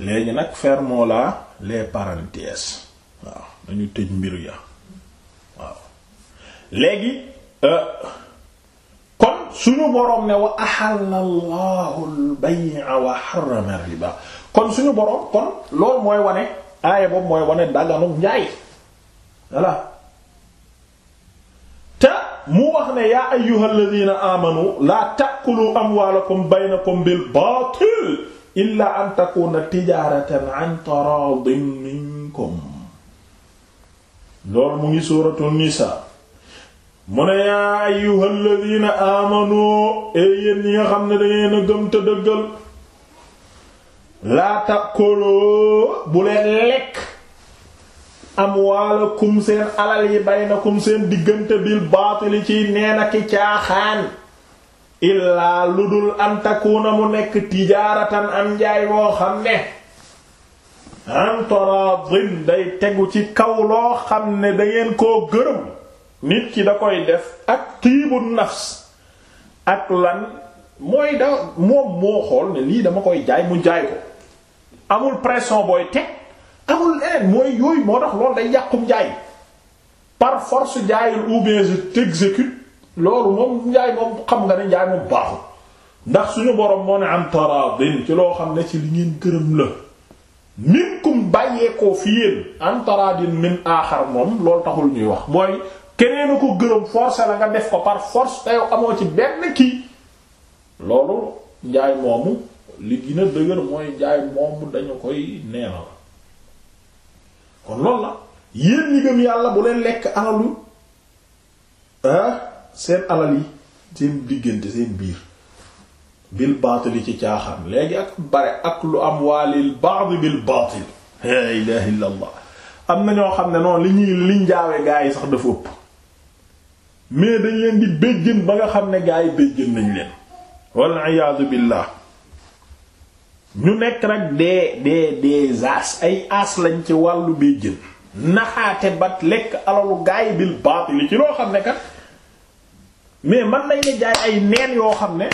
léegi nag fermons là les parenthèses waaw dañu tëj mbir ya waaw léegi euh, kon suñu boroom ne wa ahalla Allahu al-bay'a wa harrama ar-riba kon suñu boroom kon loolu mooy wane aaya boobu mooy wane daganum njaay te mu wax ne yaa ayyuhal ladina amanu laa ta'kulu amwaalakum baynakum bil baatil illaa an takuna tijaaratan an taraadin minkum loolu mu ngi suuratul nisaa mu ne yaa ayyuhal ladina amanu e yéen yi nga xam ne dangeen a gëm te dëggal laa takkuloo bu leen lekk amwaalakum seen alal yi baynakum seen diggante bil baatili ciy neen ak i caaxaan illaa lu dul an takuuna mu nekk tijaaratan am njaay moo xam ne an day tegu ci kaw loo xam ne dangeen koo gërëm nit ki da koy def ak tiibun nafs ak lan mooy da moom moo xool ne lii dama koy jaay mu jaay ko amul pression booy teg amul leneen mooy yooyu moo tax lool day yàqum jaay par force jaayul ou bien je t'exécute loolu moom njaay moom xam nga ne njaay moom baaxul ndax suñu borom moo ne am taraadin ci loo xam ne ci li ngeen gërëm la minkum bàyyeekoo fi yéen am taraadin aaxar moom lool taxul ñuy wax mooy keneen a ko gërëm force la nga def ko par force te amoo ci benn kii loolu njaay moomu li gën dëgër mooy njaay moomu dañu koy neena la kon loolu na yéen ñi yàlla bu leen lekk alalu ah, seen alal yi seen diggante seen biir bil baatili ci caaxam léegi ak bare ak lu am waalil baadi bil baatil la ilaha illa am na ñoo xam ne noonu li ñuy liñ jaawe gaa yi sax dafa ëpp mais dañ leen di béjjën ba nga xam ne gaa yi béjjën nañ leen walla iyaatu billaah ñu nekk nag des des des as ay as lañ ci wàllu béjjën naxaate bat lekk alalu gaa yi bil baatili ci loo xam ne ka mais man nañ ne jaay ay neen yoo xam ne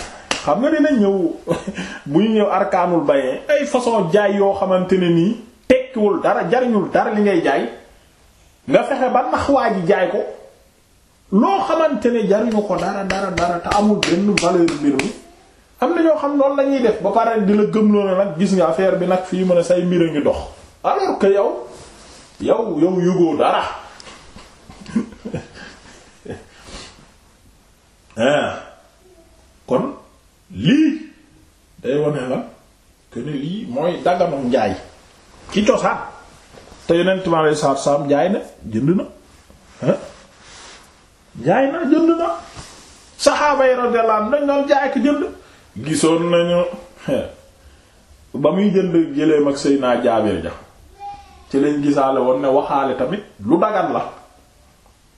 xam nga dina ñëw bu ñu ñëw arkaanul bayee ay façon jaay yoo xamante ne nii tekkiwul dara jariñul dara li ngay jaay nga fexe ba nax waa ji jaay ko loo xamante ne jariñu ko dara dara dara te amul benn valeur mbir mi am na ñoo xam noonu la ñuy def ba pare di la gëm loolu nag gis nga affaire bi nag fii mën a say mbir a ngi dox alors que yow yow yëgoo dara kon lii day wane la que ne lii mooy daganum njaay ci cosaan te yonent mi alayhi salaatu salaam jaay na jënd na jaay naa jënd na saxaaba yi radiyallahu anhum dañ doon jaay ak jënd gisoon nañu ba muy jënd jëleem ak Seydina Jaabir ja ci lañ gisaale woon ne waxaale tamit lu dagan la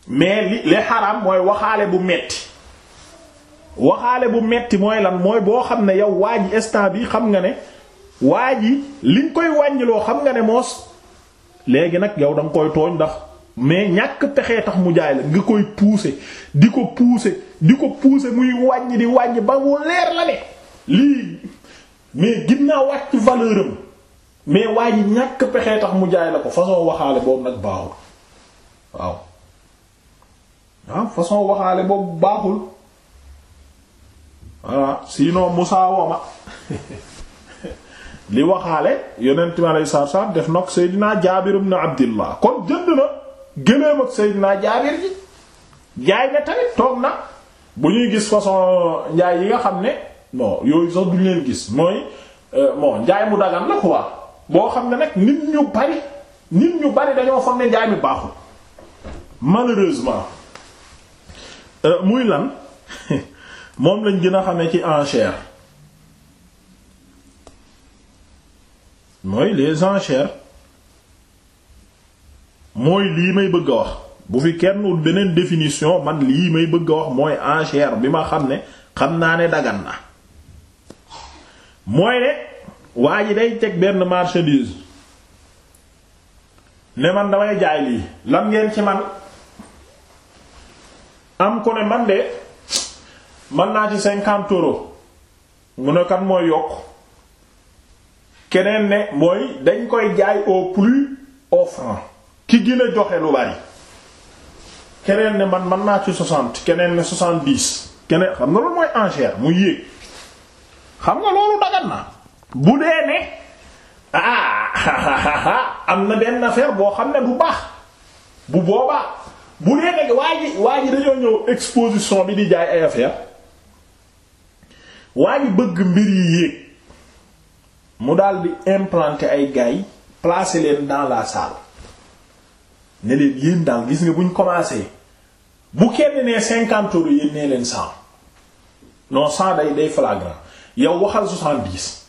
mais li li xaram mooy waxaale bu metti waxaale bu metti mooy lan mooy boo xam ne yow waa ji instant bi xam nga ne waa ji liñ koy wàññiloo xam nga ne moos léegi nag yow danga koy tooñ ndax mais ñàkk pexe tax mu jaay la nga koy pousser di ko pousser di ko pousser muy wàññi di wàññi ba mu leer la ne lii mais ginnaaw wàcc valeur mais waa ji ñàkk pexe tax mu jaay la ko façon waxaale boobu nag baaxul waaw waaw ah façon waxaale boobu baaxul voilà sinon musaawama li waxaale yonent mi aleyhi salaatu salaam def nag Seydina Jaabir ibn Abdillah kon jënd na gëléem ak Seydina Jaabir ji jaay na tamit toog na bu ñuy gis façon njaay yi nga xam ne bon yooyu sax duñ leen gis mooy euh, bon njaay mu dagan la quoi boo xam ne nag nit ñu bari nit ñu bari dañoo foog ne njaay mi baaxul malheureusement euh, muy lan moom lañ gën a xamee ci enchères mooy les enchères mooy lii may bëgg a wax bu fi kenn wut beneen définition man lii may bëgg a wax mooy enchère bi ma xam ne xam naa ne dagan na mooy ne waa ji day teg benn marchandise ne man damay jaay lii lan ngeen ci man am ko ne man de man naa ci cinquante euros mu ne kan mooy yokk keneen ne mooy dañ koy jaay au plus offrant ki gën a joxe lu bari keneen ne man man naa ci soixante keneen ne soixante dix keneen xam nga loolu mooy enchère mu yéeg xam nga loolu dagan na bu dee ah am na benn affaire boo xam ne bu baax bu boobaa bu dee waa ji waa ji dañoo ñëw exposition bi di jaay ay affaire waa ji bëgg mbir yi yéeg mu dal di implanter ay gaay placer leen dans la salle. ne leen yéen daal gis nga ñu commencé bu kenn ne cinquante euros yéen nee leen cent non cent day day flagrant yow waxal soixante-dix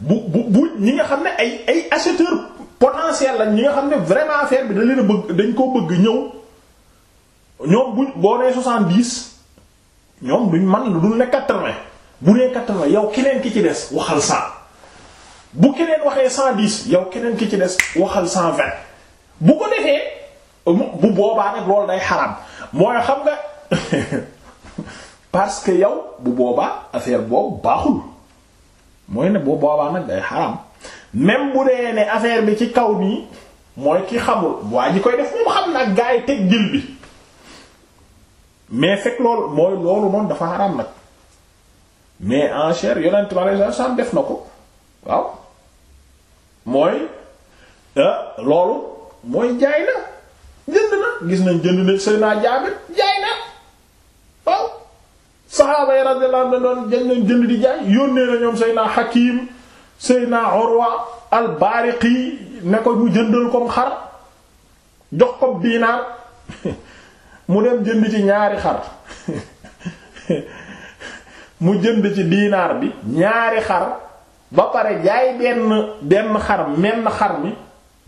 bu bu bu ñi nga xam ne ay ay acheteurs potentiels lañ ñi nga xam ne vraiment fair bi da leen bëgg dañ koo bëgg ñëw ñoom buñ boo nee soixante-dix ñoom duñ man lu dul ne quatre-vingts bu nee quatre-vingts yow keneen ki ci des waxal cent bu keneen waxee cent dix yow keneen ki ci des waxal cent vingt bu ko defee bu boobaa nag loolu day xaram mooy xam nga parce que yow bu boobaa affaire boobu baaxul mooy ne bu boobaa nag day xaram même bu dee ne affaire bi ci kaw nii mooy ki xamul waa ji koy def moom xam nag gaa yi teg jil bi mais fekk loolu mooy loolu noonu dafa xaram nag mais en chair yonent bi sallallahu alayhi def na ko waaw mooy ah, loolu mooy jaay na jënd na gis nañ jënd na sëy naa jaabir jaay na waaw saxaaba yi radiyallahu anhum doon jënd nañ jënd di jaay yónnee na ñoom sëy naa Hakim sëy naa Urwa al-Bariqi ne ko mu jëndal ko xar jox ko diinaar mu dem jënd ci ñaari xar mu jënd ci diinaar bi ñaari xar ba pare jaay benn benn xar menn xar mi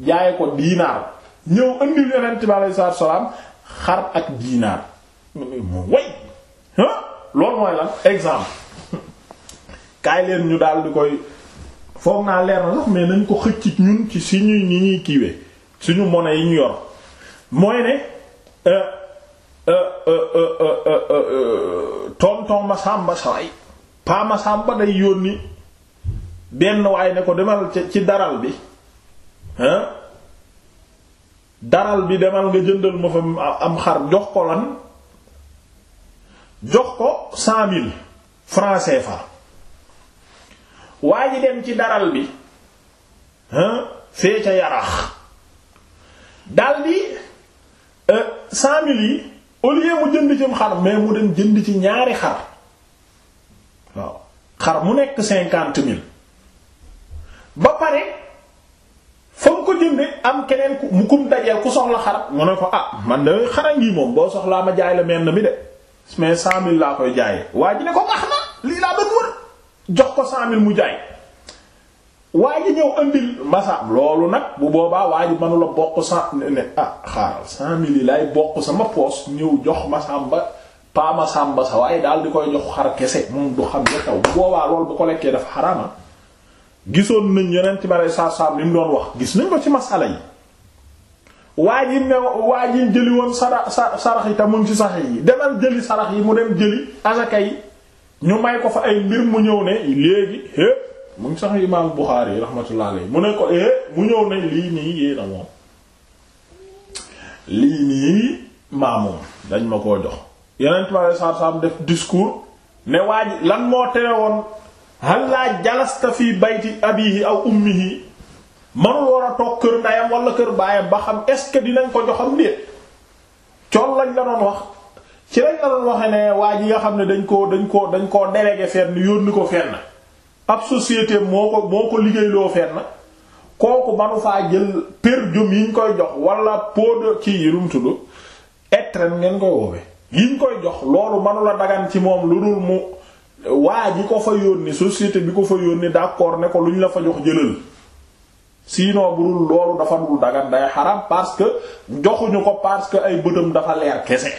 jaaye ko diinaar ñëw andil yonent bi alayhi xar ak diinaar moom way loolu mooy lan exemple kaay leen ñu daal di koy foog naa leer na sax mais nañ ko xëcc ñun ci suñuy ñi ñuy kiiwee suñu monnaie yi ñu yor mooy ne euh, euh, euh, tonton Masamba saway pa Masamba day yónni benn waay ne ko demal ci daral bi daral bi demal nga jëndal ma fa am xar jox ko lan jox ko cent mille francs CFA waa ji dem ci daral bi fee ca yaraax daldi euh, cent mille yi au lieu mu jënd ci xar mais mu dem jënd ci ñaari xar waaw xar mu nekk cinquante mille ba pare fa mu ko jënde am keneen ku mu kum dajeel ku soxla xar mu ne ko ah man de xara ngi moom boo soxlaa ma jaay la menn mi de mais cent mille laa koy jaayee waa ji ne ko lii laa jox ko cent mu jaay waa ji loolu nag bu boobaa waa ji mënula bokk cent ne ah xaaral cent mille yi lay bokk sama poos ñëw jox ma masamba pa masamba sa waaye daal di koy jox xar kese moom du xam ne taw bu boobaa loolu bu ko lekkee dafa xaraama ah. gisoon nañ yeneen ci bari saar-saam li mu doon wax gis nañ ko si masala yi waa ji ne waa ji jëli woon sara sarax yi te mu ngi ci sax yi demal jëli sarax yi mu dem jëli asaka yi ñu may ko fa ay mbir mu ñëw ne léegi é mu ngi sax imaam Buxaari rahmatullah alayhi mu ne ko mu ñëw ne lii nii yéena moom lii nii maamoom dañ ma ko jox yeneen ci bari saar-saam def discours ne waa lan moo tere woon hal naa jalasta fi bayti abihi aw ummihi man war a toog kër ndayam wala kër baayam ba xam est ce que dinañ ko joxam déet col lañ la doon wax ci lañ la doon waxe ne waa ji nga xam ne dañ koo dañ koo dañ koo délégué fenn yónni ko fenn ab société moo ko moo ko liggéeyloo fenn kooku manu faa jël per jum yi koy jox wala pot de kii etren ngeen koy woowe yi koy jox loolu manu la dagan ci moom lu dul mu waa ji ko fa yónni société bi ko fa yónni d'accord ne ko lu ñu la fa jox jëlal sinon bu dul loolu dafa dul dagan day xaram parce que joxuñu ko parce que ay bëtam dafa leer kese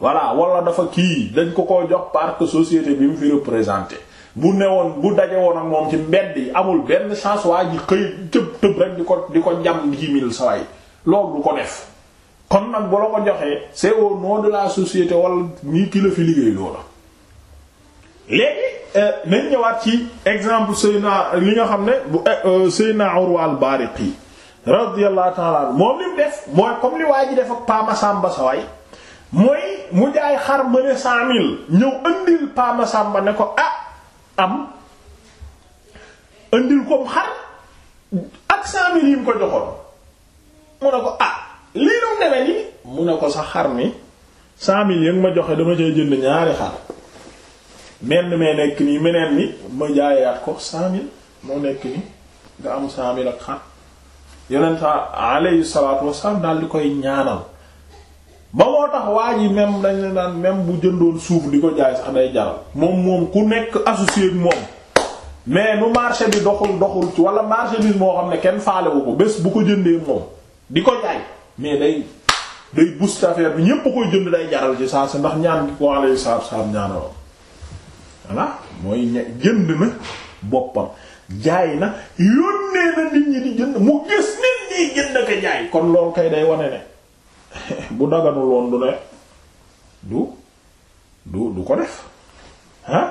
voilà wala dafa kii dañ ko ko jox parce que société bi mu fi représenté bu newoon bu daje woon ak moom ci mbedd yi amul benn chance waa ji xëy tëb tëb rek di ko di ko jam dix mille saway loolu du ko def kon nag boo la ko joxee c'est au de la société wala ñii ki la fi liggéey léegi euh, nañ ñëwaat ci exemple Seyna li nga xam ne bu euh, euh, Seyna Urwa al-Bariqi radiyallahu moom li def mooy comme li waa ji def ak sàmba Masamba Saway mooy mu jaay xar ma ne cent mille ñëw andil Pa Masamba ne ko ah am andil ko xar ak cent mille yi mu ko joxoon mu ne ko ah lii nu mu nii mu ne ko sa xar mi cent mille yi nga ma joxe dama cay jënd ñaari xar. menn mee nekk nii meneen ni ma jaayaat ko cent mille moo nekk ni nga am cent mille ak xat yonent alayhi salaatu wasalaam daal di koy ñaanal ba moo tax waa ji même dañ ne daan même bu jëndoon suuf di ko jaay sax day jaral moom moom ku nekk associé ak moom mais nu marché bi doxul doxul ci wala marché bi moo xam ne kenn faalewu ko bés bu ko jëndee moom di ko jaay mais day day boost bi ñépp koy jënd day jaral ci saa si ndax ñaan gi ko alayhi salaatu wasalaam ñaanal voilà mooy ña jënd na boppam jaay na yónnee na nit ñi di jënd mu gis nit ñi jënd ko jaay kon loolu kay day wane ne bu daganul woon du ne du du du ko def ah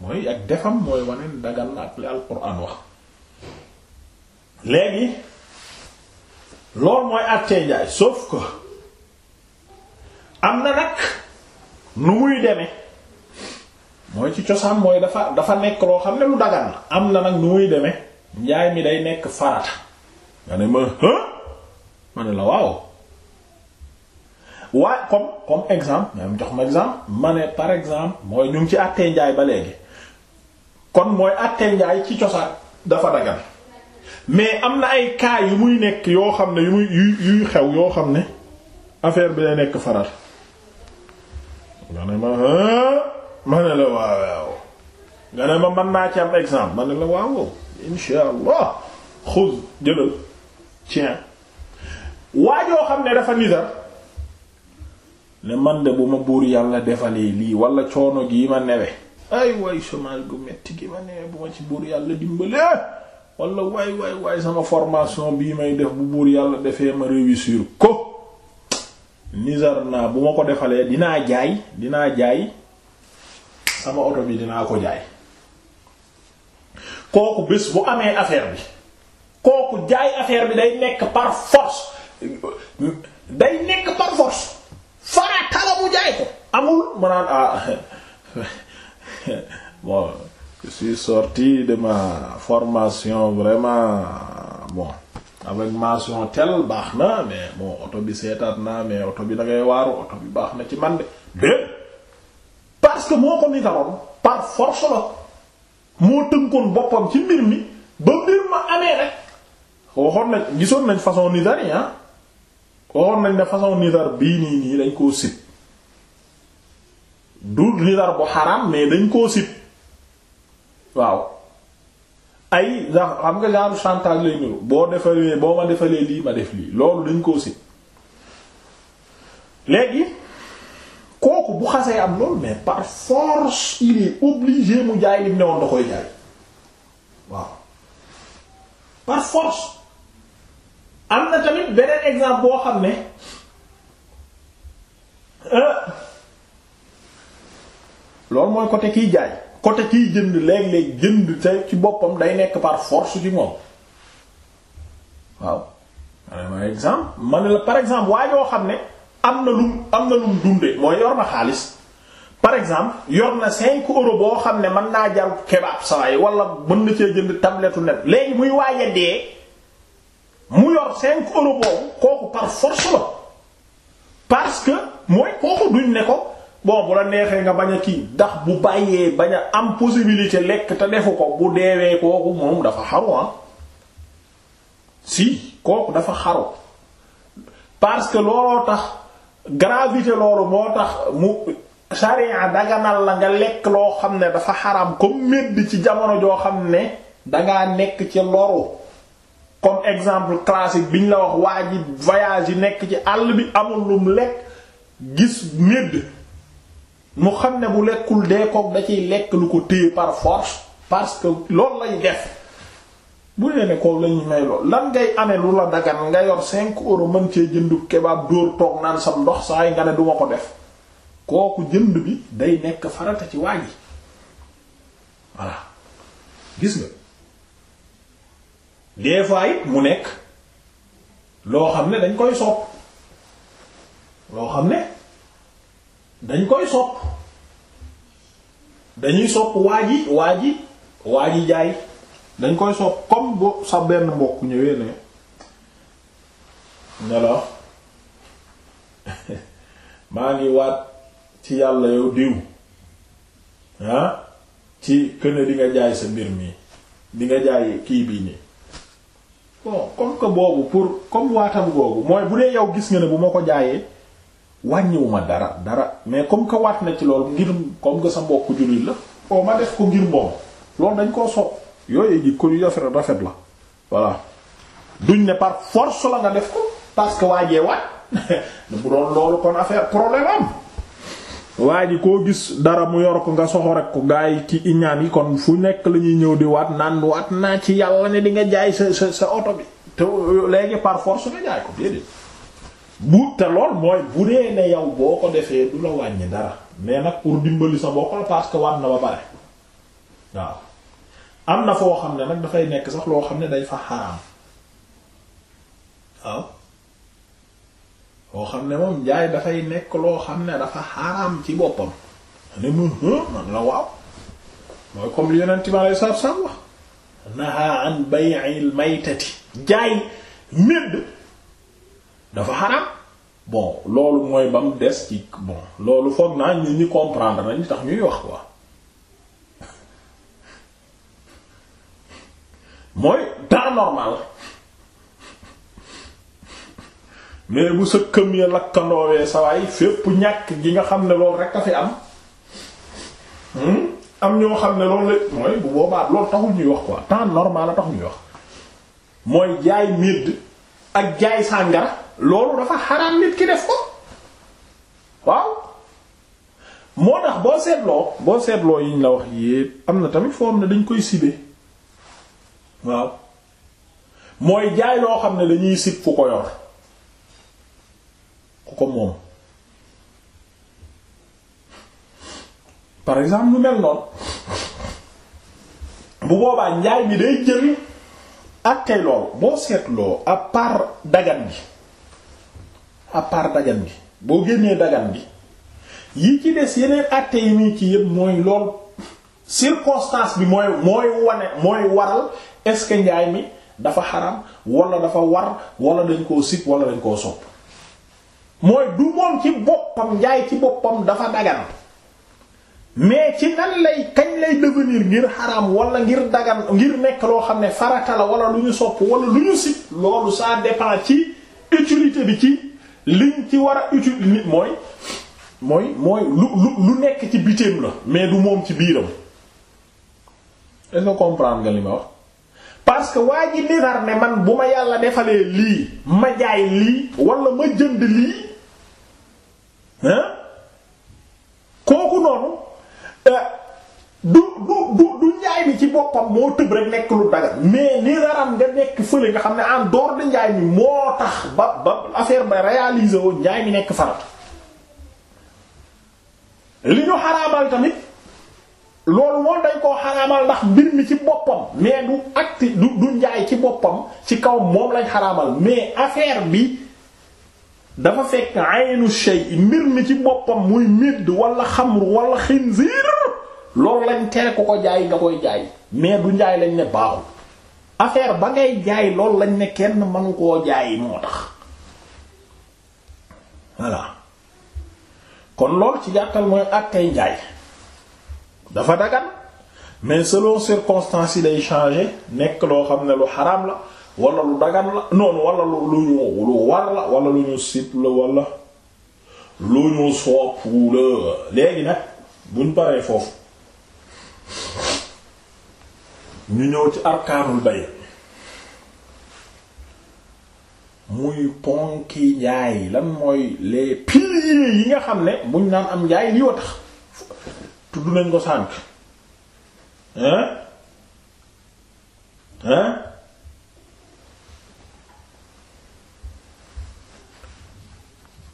mooy ak defam mooy wane ne dagan na ak li alquran wax léegi loolu mooy àttee njaay sauf que am na nag nu muy demee mooy ci cosaan mooy dafa dafa nekk loo xam ne lu dagan la am na nag nu muy demee njaay mi day nekk farata nga ne ma ma ne la waaw waaye comme comme exemple même jox ma exemple ma ne par exemple mooy ñu ci àttee njaay ba léegi kon mooy àttee njaay ci cosaan dafa dagan mais am na ay cas yu muy nekk yoo xam ne yu muy yuy xew yoo xam ne affaire bi day nekk farata nga ne ma ma la waaw nga ne ma man naa ci am exemple ma ne la waaw insha allah xuz jëlal tiens waajoo xam ne dafa nizar ne man de bu ma buur yàlla defalee lii wala coono gii ma newe ay waay chômage gu metti gi ma newe bu ma ci buur yàlla dimbalee walla waay waay waay sama formation bii may def bu buur yàlla defee ma réussir ko nizar naa bu ma ko defalee dinaa jaay dinaa jaay sama oto bi dinaa ko jaay kooku bés bu amee affaire bi kooku jaay affaire bi day nekk par force day nekk par force fara tala mu jaay ko amul mu naan ah bon je suis sorti de formation vraiment bon avec mention telle baax na mais bon oto bi seetaat naa mais oto bi da waaru oto bi baax na ci man de parce que moo ko nitaloon par force moo tënkoon boppam ci mbir mi ba mbir ma amee rek waxoon nañ gisoon nañ façon nidar yi ah nañ ne façon nidar bii nii nii dañ koo sib du nidar bu xaraam mais dañ koo sib waaw ay ndax xam nga genre chantage lay boo defalee boo ma defalee lii ma def lii loolu dañ koo sib léegi kooku bu xasee am loolu mais par force il est obligé mu jaay lim ne woon da koy jaay waaw par force am na tamit beneen exemple boo xam ne euh, loolu mooy côté kiy jaay côté kiy jënd léeg-léeg jënd te ci boppam day nekk par force ci moom waaw. ma exemple ma ne la par exemple waa yoo xam ne. am na lum am na lum dunde mooy yor na xaalis par exemple yor na cinq euros boo xam ne mën naa jar kebaab sawaay wala mën na cee jënd tablette net léegi muy waaja dee mu yor cinq euros boobu kooku par force la parce que mooy kooku duñ ne ko boobu la neexee nga bañ a kii ndax bu bàyyee bañ a am possibilité lekk te defu ko bu deewee kooku moom dafa xaru ah si kooku dafa xaru parce que looloo tax gravité loolu moo tax mu sharia daganal la nga lekk loo xam ne dafa xaram comme medd ci jamono joo xam ne dangaa nekk ci loru comme exemple classique biñ la wax waa ji voyage yi nekk ci àll bi amul lum lekk gis medd mu xam ne bu lekkul dee koog da ciy lekk lu ko téye par parce que loolu lay def bu dee ne kooku may lool lan ngay amee lu la dagan nga yor 5 euros mën cee jënd kebaab dóor toog naan sam ndox saa yi nga ne duma ko def kooku jënd bi day nekk farata ci waa ji voilà gis nga des fois it mu nekk loo xam ne dañ koy sopp loo xam ne dañ koy sopp dañuy sopp waa ji waa ji waa ji jaay. dañ koy soob comme bu sa benn mbokku ñëwee ne ne maa ngi waat ci yàlla yow diw ah ci këne di nga jaay sa mbir mi di nga jaay kii bii nii bon comme que boobu pour comme waatam googu mooy bu dee yow gis nga ne bu ma ko jaayee wàññiwuma dara dara mais comme que waat na ci loolu ngir comme que sa mbokku jullit la o ma def ko ngir moom loolu dañ koo sopp yooyu jikko yu rafet rafet la voilà duñ ne par force la nga def ko parce que waajee waaj bu doon loolu kon affaire problème am waa koo gis dara mu yor ko nga soxo rek ko gaa yi ci iñaan yi kon fu nekk la ñuy ñëw di waat naan waat naa ci yàlla ne di nga jaay sa sa oto bi te euh, léegi par force nga jaay ko déedéet bu te lool mooy bu dee ne yow boo ko defee du la wàññi dara mais nag pour dimbali sa mbokk la parce que waat na ba pare waaw am na foo xam ne nag dafay nekk sax loo xam ne day fa xaraam waaw loo xam ne moom jaay dafay nekk loo xam ne dafa xaraam ci boppam ne mun hmm, hmm, man la waaw mooy comme li yeneen time alay saab saab wax maytati jaay médd dafa xaraam bon loolu mooy bam des ci bon loolu foog naa ñu ñi comprendre nañ tax ñuy wax quoi mooy temps normal mais bu sa këm ya lakkandoowee sawaay fépp ñàkk gi nga xam ne loolu rek a fi am hmm? am ñoo xam ne loolu la mooy bu boobaa loolu taxul ñuy wax quoi temps normal la tax ñuy wax mooy jaay medd ak jaay sàngara loolu dafa xaraam nit ki def ko waaw moo tax boo seetloo boo seetloo yiñ la wax yépp am na tamit foo am ne dañ koy sibe waaw mooy jaay loo xam ne dañuy sib ku ko yor ku ko moom par exemple lu mel noonu bu boobaa njaay bi day jël ak tey loolu boo seetloo à part dagan bi à part dagan bi boo génnee dagan bi yi ci des yeneen àtte yi nii ci yëpp mooy lool circonstance bi mooy mooy mooy waral est-ce que njaay mi dafa xaram wala dafa war wala dañ koo sib wala dañ koo sopp mooy du moom ci boppam njaay ci boppam dafa dagan mais ci nan lay kañ lay devenir ngir xaraam wala ngir dagan ngir nekk loo xam ne farata la wala lu ñu sopp wala lu ñu sib loolu ça dépend ci utilité bi ci liñ ci war a utile mooy mooy mooy lu lu lu nekk ci bitéem la mais du moom ci biiram est-ce que comprendre parce que waa ji ninar ne man bu ma yàlla defalee lii ma jaay lii wala ma jënd lii hein kooku noonu euh, du du du njaay mi ci boppam moo tëb rek nekk lu daga mais ninaram nga nekk fële nga xam ne en dehors de njaay mi moo tax ba ba affaire ba réaliser woon njaay mi nekk farat li ñu xaraamal tamit loolu moom lañ koo xaraamal ndax mbir mi ci boppam mais du acte du njaay ci boppam ci kaw moom lañ xaraamal mais affaire bi dafa fekk aynu shay mbir mi ci boppam muy midd wala xamru wala xinziir loolu lañ tere ko ko jaay nga koy jaay mais du njaay lañ ne baaxul affaire ba ngay jaay loolu lañ ne kenn manu koo jaay moo tax voilà kon loolu ci jàkkal mooy àttey njaay dafa dagan mais selon circonstances yi day changer nekk loo xam ne lu xaram la walla lu dagan la noonu wala lu ñu lu war la wala lu ñu sib la wala lu ñu soppu la léegi nag buñ paree foofu ñu ñëw ci arkaanul bay muy ponki njaay lan mooy les piliers yi nga xam ne buñ naan am njaay lii wa tax tudd nañ ko sànk hein hein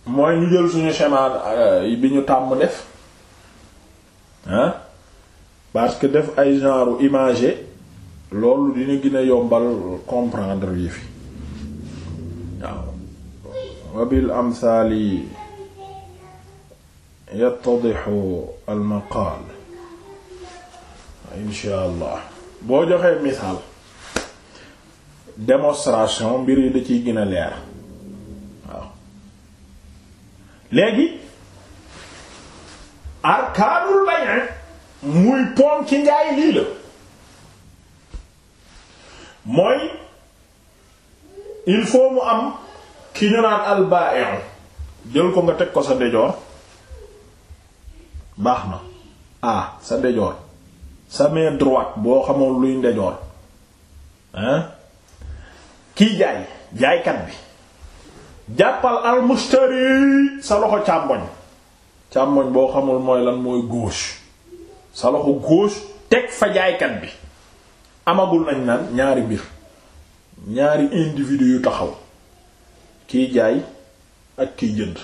mooy ñu jël suñu schéma euh, bi ñu tàmm def hein parce que def ay genre image loolu dina gën a yombal comprendre yi fi waaw wabil amsaali yattadixu almaqaal insha allah boo joxee misaal démonstration mbir yi da ciy gën a leer waaw léegi arkaanul bay'a muy ponk ci njaay lii la mooy il faut mu am ki ñu naan al baa'i'u jël ko nga teg ko sa ndejoor baax na a sa ndejoor sa main droite boo xamoon luy ndejoor hein kiy jaay jaaykat bi jàppal almustari sa loxo càmmoñ càmmoñ boo xamul mooy lan mooy gauche sa loxo gauche teg fa jaaykat bi amagul nañ naan ñaari mbir ñaari individu yu taxaw kiy jaay ak kiy jënd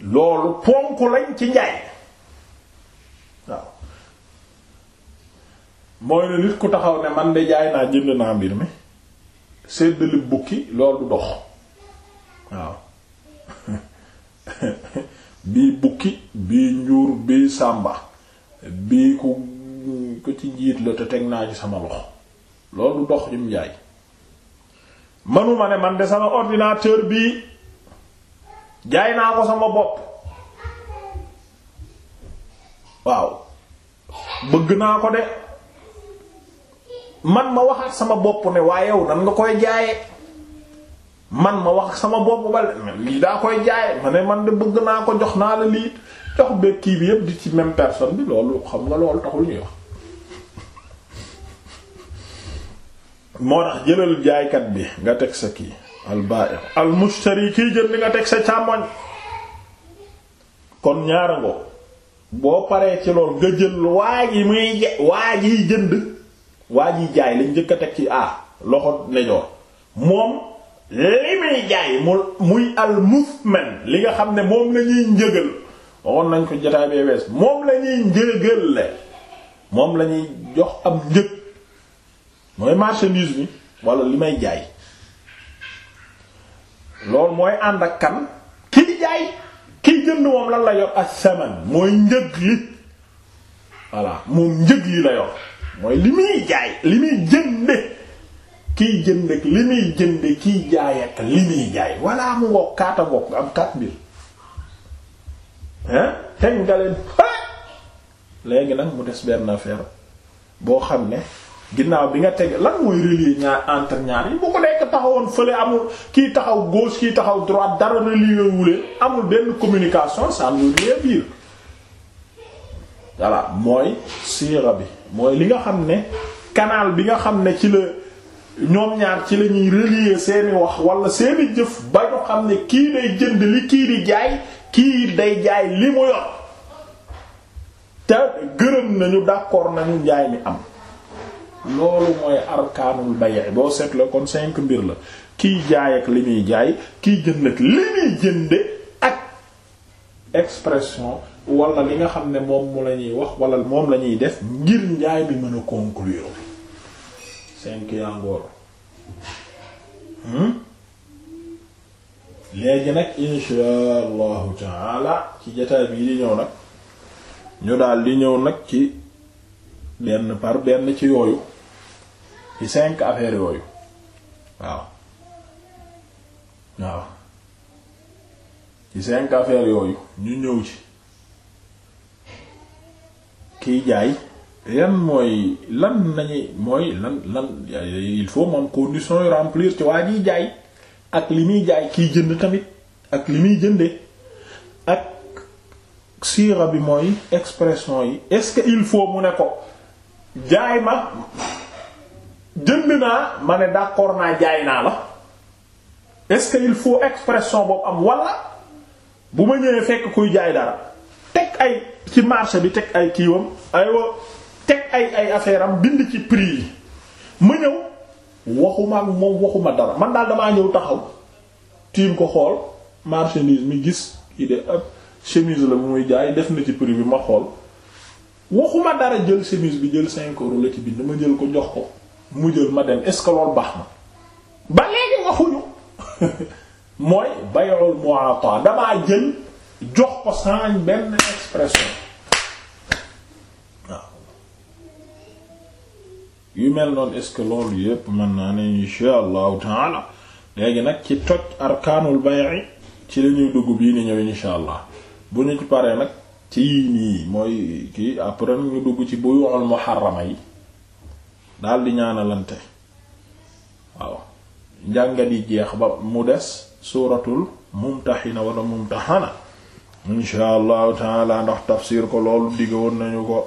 loolu ponk lañ ci njaay waaw mooy ne nit ku taxaw ne man de jaay naa jënd naa mbir mi séddale bukki loolu dox waaw bii bukki bii njuur bii sàmba bii ku ku ci njiit la te teg ci sama loxo loolu dox jum njaay manuma ne man de sama ordinateur bii jaay naa ko sama bopp waaw bëgg naa ko de man ma wax ak sama bopp ne waaye yow nan nga koy jaaye man ma wax ak sama bopp bale lii daa koy jaaye ma ne man de bëgg naa ko jox naa la lii jox beeg kii bi yépp di ci même personne bi loolu xam nga loolu taxul ñuy wax moo tax jëlal jaaykat bi nga teg sa kii al ba'i al mushtari kiy jënd nga teg sa càmmoñ kon ñaara boo paree ci lool nga jël waa ji muy waa jiy jënd waa jiy jaay lañ njëkk a teg ci ah loxo nejoor moom li muy jaay mu muy al musman li nga xam ne moom la njëgal waxoon nañ ko jotaay bee wees moom la njëgal le moom lañuy ñuy jox am njëg mooy marchandise bi wala li may jaay lool mooy ànd ak kan kiy jaay kiy jënd moom lan la yor as-saman mooy njëg yi voilà moom njëg yi la yor mooy li muy jaay li muy jënde kiy jënd ak li muy jënde kiy jaay ak li muy jaay voilà mu ngoog kaata ngoog am kat mbir hein teg nga leen léegi nag mu des benn affaire boo xam ne ginnaaw bi nga teg lan mooy relier ñaar entre ñaar yi bu ko nekk taxawoon fële amul kii taxaw gauche kii taxaw droite dara relier wu amul benn communication ça nous lie biir voilà mooy siira bi mooy li nga xam ne canal bi nga xam ne ci la ñoom ñaar ci lañuy ñuy seeni wax wala seeni jëf ba ñu xam ne kii lay jënd li kii di jaay kii day jaay li mu yor te gërëm nañu d'accord nañu jaay mi am. loolu mooy arkaanul bay' boo seetloo kon cinq mbir la kiy jaay ak li muy jaay kiy jën ak li muy jënde ak expression wala li nga xam ne moom mu la wax wala moom lañuy def ngir njaay bi mën a conclure cinq yaa hmm? léegi nag insha allahu ci jotaay bi di ñëw nag ñu daal di ñëw nag ci benn par benn ci yooyu ci cinq affaire yooyu waaw waaw ci cinq affaires yooyu ñu ñëw ci kiy jaay yan mooy lan nañu mooy lan lan il faut moom condition yu remplir ci waa jiy jaay ak li muy jaay kiy jënd tamit ak li muy jënde ak siira bi mooy expression yi est-ce il faut mu ne ko jaay ma jënd naa ma ne d'accord naa jaay naa la est-ce que il faut expression boobu am wala bu ma ñëwee fekk kuy jaay dara teg ay ci marché bi teg ay kiiwam aywa teg ay ay affaire am bind ci prix yi ma ñëw waxuma ak moom waxuma dara man daal damaa ñëw taxaw tiim ko xool marchandise mi gis kii de ab ah, chemise la bu muy jaay def na ci prix bi ma xool waxuma dara jël chemise bi jël 5 euros la ci bind ma jël ko jox ko. mu jël ma dem est-ce que loolu baax na ba léegi waxuñu mooy bay'ul mu'ata damaa jël jox ko sans benn expression yu mel noonu est-ce que loolu yépp mën naa ne insha allahu taala léegi nag ci toj arkaanul bay'i ci lañuy dugg bii ni ñëw insha allah bu ñu paree nag ci yii mooy kii après ñu dugg ci buyu'ul muharrama yi daal di ñaanalante waaw njàngat jeex ba mu des suuratul mumtaxina wala mumtaxana insha allahu taala ndax tafsir ko loolu digg woon ko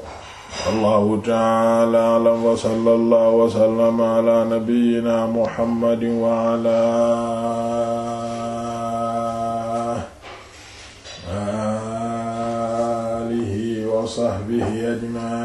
wallahu taala alam wa sallallahu wa sallama ala nabiyyina muhammadin wa ala wa sahbihi ajma'in